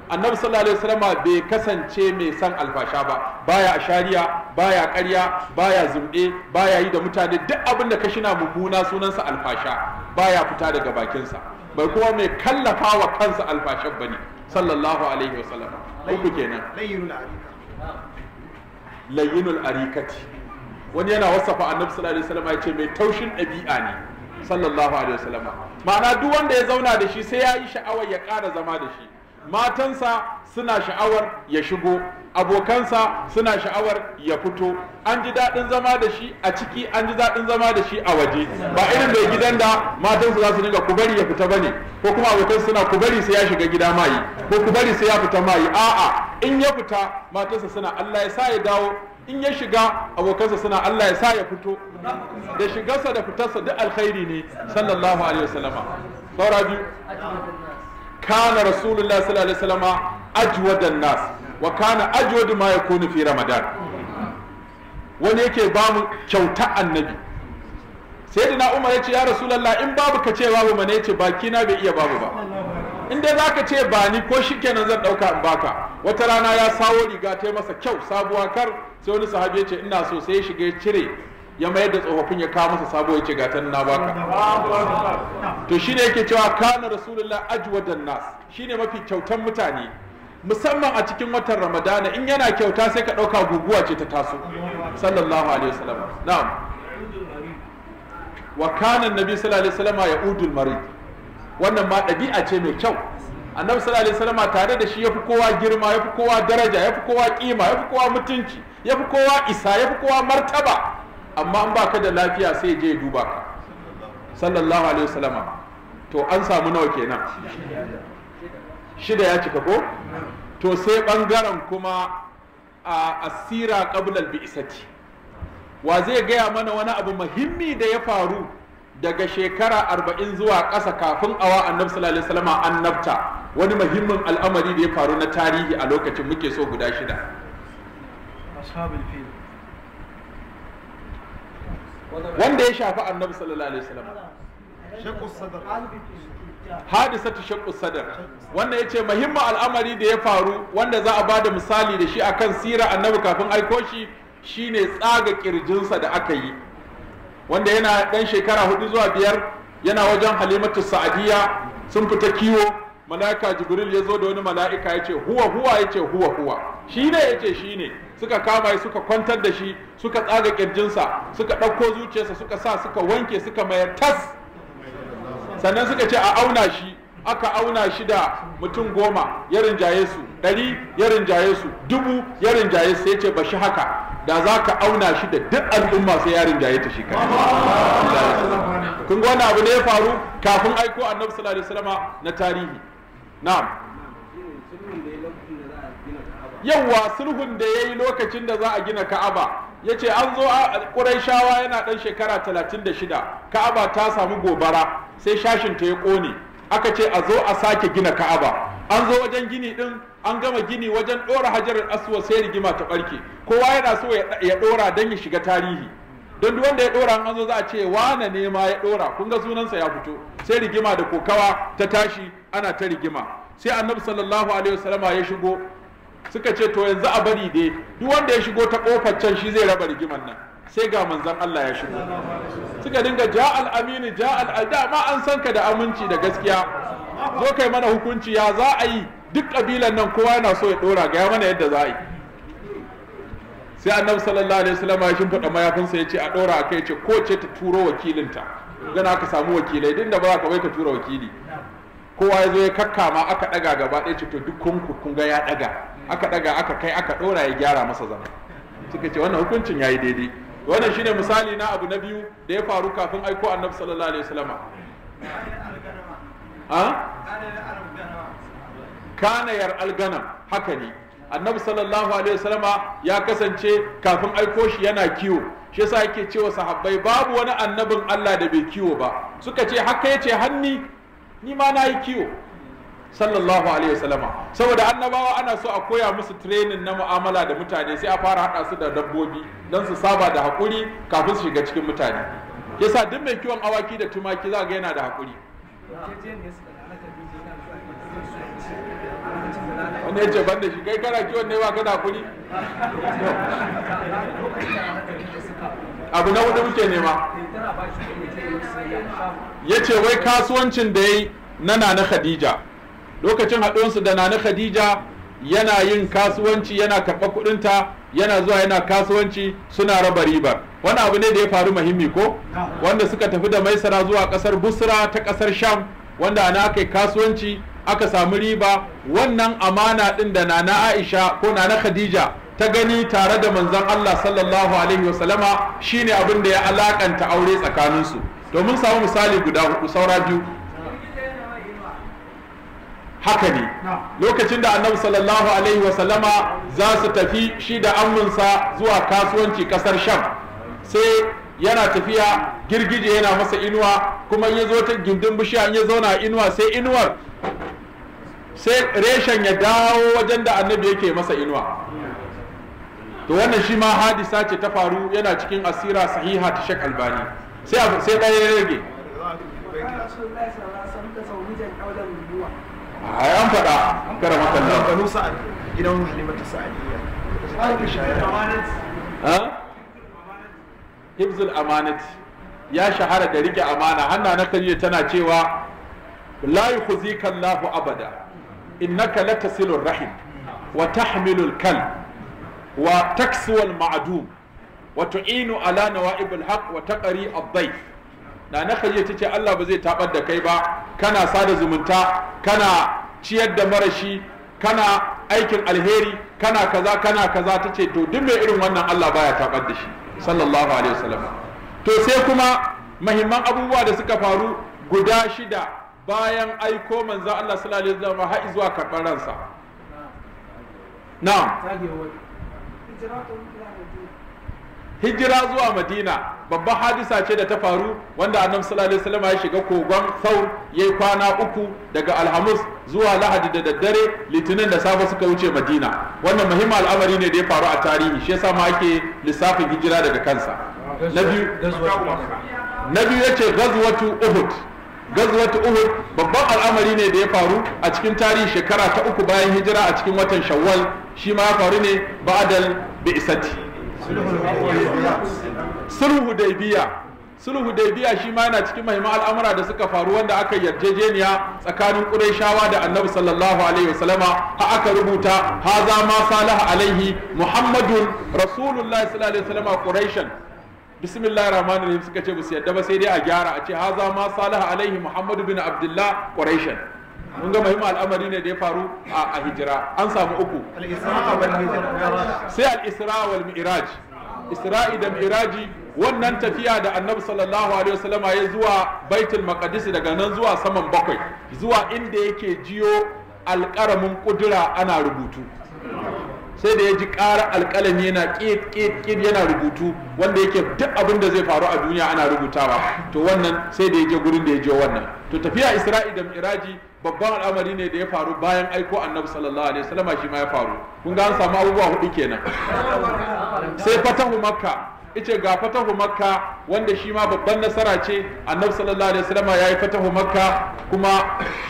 annabi sallallahu alaihi wasallam bai kasance mai san alfasha ba baya ashariya baya ƙarya baya zumɗe baya yi da mutane duk abin da ka shina mummuna sunansa alfasha baya fita daga bakinsa bai kuma mai kallafa wa kansa alfashan bane sallallahu alaihi wasallam uku kenan layyinul arikati wani yana wasafa annabi sallallahu alaihi wasallam ya ce mai taushin ɗabi'a ne sallallahu alaihi wasallam ma'ana duk wanda ya zauna da shi sai ya yi sha'awar ya ƙara zama da shi matansa suna sha'awar ya shigo abokansa suna sha'awar ya fito an ji daɗin zama da shi a ciki an ji daɗin zama da shi a waje ba irin mai gidan da matansa za su dinga ku bari ya fita bane ko kuma abokan suna ku bari sai ya shiga gida mayi ko ku bari sai ya fita mayi a'a in ya fita matansa suna Allah ya sa ya dawo in ya shiga abokansa suna Allah ya sa ya fito da shigarsa da fitarsa duk alkhairi ne sallallahu alaihi wasallama saura biyu kana rasulullah sallallahu alaihi wasallam ajwadan nas wa kana ajwadu ma yakunu fi ramadan wani yake ba mu kyauta annabi sayyidina umar ya ce ya rasulullah in babu ka ce babu mana yace baki na bai iya babu ba in dai zaka ce ba ni ko shikenan zan dauka in baka wata rana ya sawo riga ta masa kyau sabuwa kar sai wani sahabi yace ce ina so sai ya shiga cire ya mayar da tsofaffin ya kawo masa sabo ya ce na baka to shine yake cewa kana rasulullah ajwadan nas shine mafi kyautan mutane musamman a cikin watan ramadana in yana kyauta sai ka ɗauka guguwa ce ta taso sallallahu alaihi wasallam na'am wa kana nabi sallallahu alaihi wasallam ya udul marid wannan ma ɗabi'a ce mai kyau annabi sallallahu alaihi wasallam tare da shi yafi kowa girma yafi kowa daraja yafi kowa kima yafi kowa mutunci yafi kowa isa yafi kowa martaba amma an baka da lafiya sai je ya duba ka sallallahu alaihi wasallama to an samu nawa kenan shida ya cika ko to sai bangaren kuma a asira qablal bi'sati wa zai gaya mana wani abu muhimmi da ya faru daga shekara arba'in zuwa ƙasa kafin awa annabi sallallahu alaihi wasallama annabta wani muhimmin al'amari da ya faru na tarihi a lokacin muke so guda shida ashabul fil wanda ya shafi annabi sallallahu alaihi wasallam hadisatu shaqqu sadr wannan yace muhimmin al'amari da ya faru wanda za a bada misali da shi akan sirar annabi kafin aiko shi shine tsaga kirjinsa da aka yi wanda yana dan shekara hudu zuwa biyar yana wajen halimatu sa'adiyya sun fita kiwo mala'ika jibril ya zo da wani mala'ika yace huwa huwa yace huwa huwa shi ne yace suka kama shi suka kwantar da shi suka tsaga kirjinsa suka ɗauko zuciyarsa suka sa suka wanke suka mayar tas sannan suka ce a auna shi aka auna shi da mutum goma ya rinjaye su ɗari ya rinjaye su dubu ya rinjaye su ya ce ba shi haka da za ka auna shi da duk al'umma sai ya rinjaye ta shi kun ga wani abu ne ya faru kafin aiko annabi sallallahu alaihi wasallama na tarihi na'am wa sulhun da ya yi lokacin da za a gina ka'aba ya ce an zo a shawa yana ɗan shekara 36 ka'aba ta samu gobara sai shashin ta ya ƙone aka ce a zo a sake gina ka'aba an zo wajen gini ɗin an gama gini wajen ɗora hajarar aswa sai rigima ta ɓarke kowa yana so ya ɗora don ya shiga tarihi don duk wanda ya ɗora an zo za a ce wane ne ma ya ɗora kun ga sunansa ya fito sai rigima da kokawa ta tashi ana ta rigima sai annabi sallallahu alaihi wasallama ya shigo suka ce to yanzu a bari dai duk wanda ya shigo ta kofar can shi zai raba rigiman nan sai ga manzon Allah ya shigo suka dinga ja al ja al ma an san ka da aminci da gaskiya zo kai mana hukunci ya za a yi duk kabilan nan kowa yana so ya dora ga ya mana yadda za a yi sai annabi sallallahu alaihi wasallam ya mayafin mayafinsa ya ce a dora kai ce ko ce ta turo wakilinta gana ka samu wakilai din da ba ka bai ka tura wakili kowa ya zo ya kakkama aka daga gaba ɗaya ce to duk kun ga ya daga aka daga aka kai aka dora ya gyara masa zama suka ce wannan hukuncin yayi daidai wannan shine misali na abu na biyu da ya faru kafin aiko annabi sallallahu alaihi wasallam a kana yar alganam haka ne annabi sallallahu alaihi wasallam ya kasance kafin aiko shi yana kiwo shi yasa yake cewa sahabbai babu wani annabin Allah da bai kiwo ba suka ce haka yace hanni ni ma na yi kiwo sallallahu alaihi wasallama saboda annabawa ana so a koya musu training na mu'amala da mutane sai a fara hada su da dabbobi don su saba da hakuri kafin su shiga cikin mutane yasa duk mai kiwon awaki da tumaki za ga yana da hakuri wani ya ce ban da shi kai kana kiwon ne ba ka da hakuri abu na hudu muke nema ya ce wai kasuwancin da ya yi na na khadija lokacin haɗuwansu da nana khadija yana yin kasuwanci yana karɓar kuɗinta yana zuwa yana kasuwanci suna raba riba wani abu ne da ya faru muhimmi ko wanda suka tafi da maisara zuwa ƙasar busra ta ƙasar sham wanda ana aka yi kasuwanci aka samu riba wannan amana ɗin da nana aisha ko nana khadija ta gani tare da manzon allah sallallahu alaihi wasallama shine abin da ya alakanta aure tsakaninsu domin samu misali guda hudu saura biyu haka ne lokacin da annabi sallallahu alaihi wa za su tafi shi da amminsa zuwa kasuwanci kasar sham sai yana tafiya girgije yana masa inuwa kuma ya zo ta gindin bishiya ya zauna inuwa sai inuwar sai reshen ya dawo wajen da annabi yake masa inuwa to wannan shi ma hadisa ce ta faru yana cikin asira sahiha ta shek albani sai ɗaya ya rage a yan faɗa kara maka nan sa'ad gidan halimatu sa'adiyya hibzul amanat ya shahara da rike amana hanna na kariya tana cewa la yukhzika Allahu abada innaka latasilur rahim wa tahmilul kal wa taksuwal ma'dum wa tu'inu ala nawa'ibil haqq wa taqri ad-dayf na na ta ce Allah ba zai tabar da kai ba kana sada zumunta kana ciyar da marashi kana aikin alheri kana kaza kana kaza tace to duk mai irin wannan Allah baya tabar da shi sallallahu alaihi wasallam to sai kuma mahimman abubuwa da suka faru guda shida bayan aiko manzo Allah sallallahu alaihi wasallam har zuwa karɓar ransa na'am hijira zuwa madina babban hadisa ce da ta faru wanda annabi sallallahu alaihi wasallam ya shiga kogon saur yayi kwana uku daga alhamis zuwa lahadi da daddare litinin da safe suka wuce madina wannan muhimmin al'amari ne da ya faru a tarihi shi yasa ma ake lissafin hijira daga kansa na biyu ce biyu yace gazwatu uhud gazwatu uhud babban al'amari ne da ya faru a cikin tarihi shekara ta uku bayan hijira a cikin watan shawwal shi ma ya faru ne ba'dal bi'sati sulhu daibiya sulhu biya shi ma yana cikin mahimman al'amura da suka faru wanda aka yarjejeniya tsakanin ƙuraishawa da annabi sallallahu alaihi wasallama ha aka rubuta haza ma salaha alaihi muhammadun rasulullahi sallallahu alaihi wasallama quraishan bismillahir rahmanir rahim suka ce bu su yadda ba sai dai a gyara a ce haza ma salaha alaihi muhammadu bin abdullah quraishan mun ga muhimmin al'amari ne da ya faru a hijira an samu uku sai al-isra wal mi'raj isra'i da mi'raji wannan tafiya da annabi sallallahu alaihi wasallam ya zuwa baitul maqdis daga nan zuwa saman bakwai zuwa inda yake jiyo alƙaramin kudura ana rubutu sai da ya ji ƙara alƙalami yana ƙid yana rubutu wanda yake duk abin da zai faru a duniya ana rubutawa to wannan sai da ya je gurin da ya je wannan to tafiya isra'i da mi'raji babban al'amari ne da ya faru bayan aiko annabi sallallahu alaihi wasallam shi ma ya faru kun ga an samu abubuwa hudu kenan sai fatahu makka ice ga fatahu makka wanda shi ma babban nasara ce annabi sallallahu alaihi wasallam ya yi fatahu makka kuma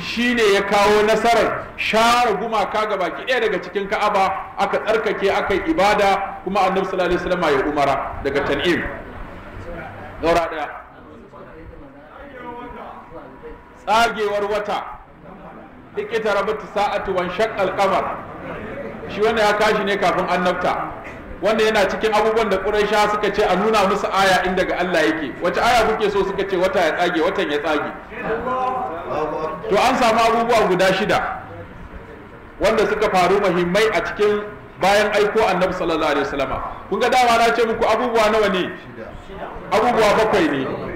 shine ya kawo nasarar share gumaka ga baki ɗaya daga cikin ka'aba aka tsarkake aka ibada kuma annabi sallallahu alaihi wasallam ya umara daga tan'im daura daya tsagewar wata ikita rabatu sa'atu wan shaqqal qamar shi wanda ya kashi ne kafin annabta wanda yana cikin abubuwan da quraisha suka ce a nuna musu aya inda ga Allah yake wace aya kuke so suka ce wata ya tsage watan ya tsage to an samu abubuwa guda shida wanda suka faru muhimmai a cikin bayan aiko annabi sallallahu alaihi wasallama kun ga dawa na ce muku abubuwa nawa ne abubuwa bakwai ne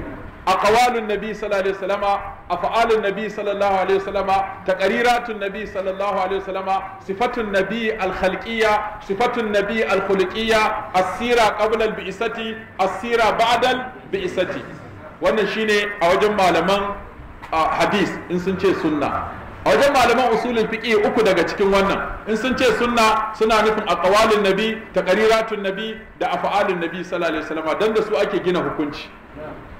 aqwalun nabi sallallahu alaihi wasallama af'alun nabi sallallahu alaihi wasallama taqriratun nabi sallallahu alaihi wasallama sifatun nabi al sifatun nabi al-khuluqiyya as-sira qabla al-bi'sati as-sira ba'da al-bi'sati a wajen malaman in sun ce sunna a wajen malaman usulin fiƙi uku daga cikin wannan in sun ce sunna suna nufin aqwalun nabi taqriratun nabi da af'alun nabi sallallahu alaihi wasallama dan da su ake gina hukunci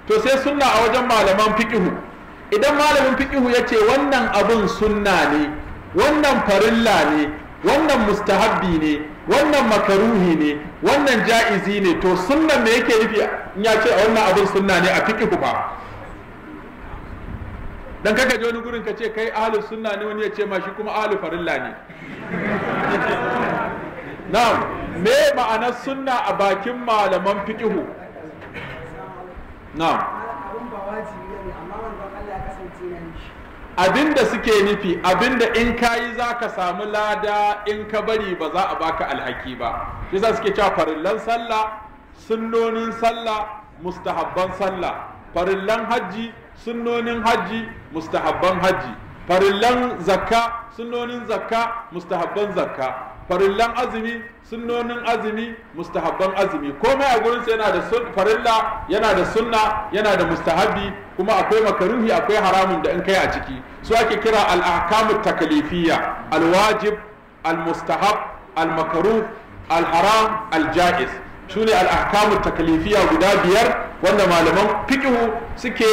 to sai sunna a wajen malaman fiqihu idan malamin fiqihu ya ce wannan abun sunna ne wannan farilla ne wannan mustahabbi ne wannan makaruhi ne wannan ja'izi ne to sunnan me yake nufi in ya ce a wannan abin sunna ne a fiqihu ba dan kaka je wani gurin ka ce kai ahlus sunna ne wani ya ce ma kuma ahlu farilla ne na'am me ma'anar sunna a bakin malaman fiqihu Abin abinda suke nufi abinda in kayi za ka samu lada in ka bari ba za a baka alhaki ba shi suke cewa farillan sallah sunnonin sallah mustahabban sallah farillan hajji sunnonin hajji mustahabban hajji farillan zakka sunnonin zakka mustahabban zakka farillan azumi sunnonin azumi mustahabban azumi komai a gurin yana da farilla yana da sunna yana da mustahabi kuma akwai makaruhi akwai haramun da in kai a ciki su ake kira alakamu takalifiya alwajib, almustahab, almakaruh alharam, alja'is. Su ne al haram guda biyar wanda malaman fiqhu suke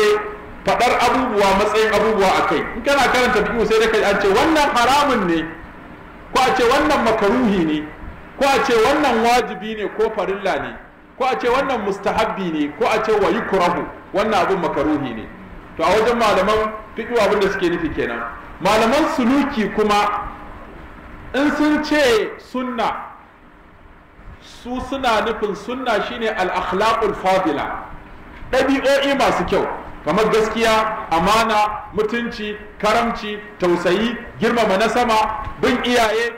faɗar abubuwa matsayin abubuwa a kai in kana karanta fiƙo sai da an ce wannan haramun ne ko a ce wannan makaruhi ne ko a ce wannan wajibi ne ko farilla ne ko a ce wannan mustahabbi ne ko a ce wa yukrahu wannan abin makaruhi ne to a wajen malaman fiqh abin da suke nufi kenan malaman suluki kuma in sun ce sunna su suna nufin sunna shine al-akhlaqul fadila ɗabi'o'i masu kyau kamar gaskiya amana mutunci karamci tausayi girmama na sama bin iyaye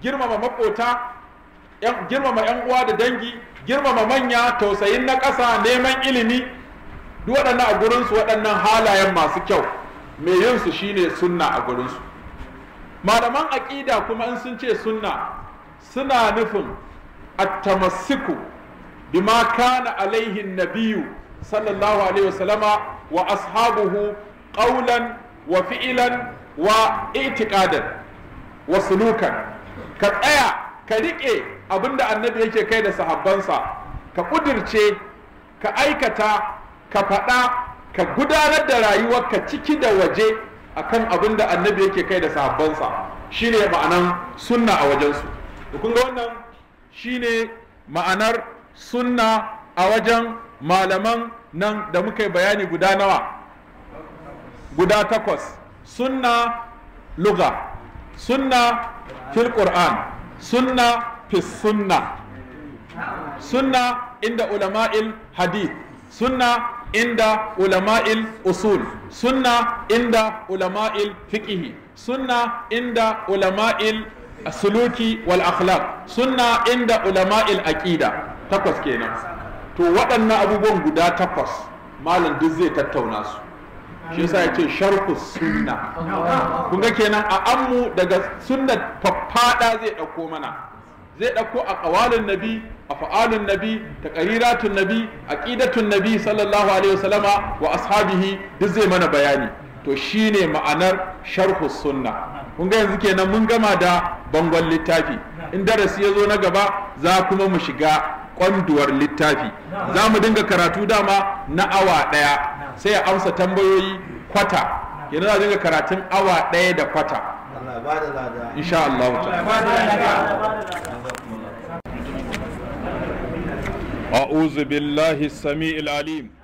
girmama makota girmama yan uwa da dangi girmama manya tausayin na ƙasa neman ilimi duk waɗannan a gurinsu waɗannan halayen masu kyau mai yin su shine sunna a gurinsu malaman aƙida kuma in sun ce sunna suna nufin at-tamassiku bima kana alaihin nabiyu sallallahu alaihi wasallama wa ashabuhu Ƙaulan wa fi'lan wa i'tiqadan wa sulukan ka tsaya ka rike abinda annabi yake kai da sahabbansa ka kudirce ka aikata ka faɗa ka gudanar da ka ciki da waje akan abinda da annabi yake kai da sahabbansa shine ma'anan sunna a wajensu kun ga wannan shine ma'anar sunna a wajen malaman nan da muka yi bayani guda nawa guda takwas sunna luga sunna fil qur'an sunna fis sunna sunna inda ulama'il hadith sunna inda ulama'il usul sunna inda ulama'il fiqihi sunna inda ulama'il suluki wal akhlaq sunna inda ulama'il aqida takwas kenan to waɗannan abubuwan guda takwas malam duk zai tattauna su shi yasa ya ce sharku sunna kun ga kenan a ammu daga sunna faffada zai ɗauko mana zai ɗauko a ƙawalin nabi a fa'alin nabi ta ƙariratun nabi a ƙidatun nabi sallallahu alaihi wasallama wa ashabihi duk zai mana bayani to shine ma'anar sharhu sunna kun ga yanzu kenan mun gama da bangon littafi in darasi ya zo na gaba za kuma mu shiga kwanduwar littafi za mu dinga karatu dama na awa ɗaya sai ya amsa tambayoyi kwata yanzu za dinga karatun awa ɗaya da kwata insha Allah أعوذ billahi السميع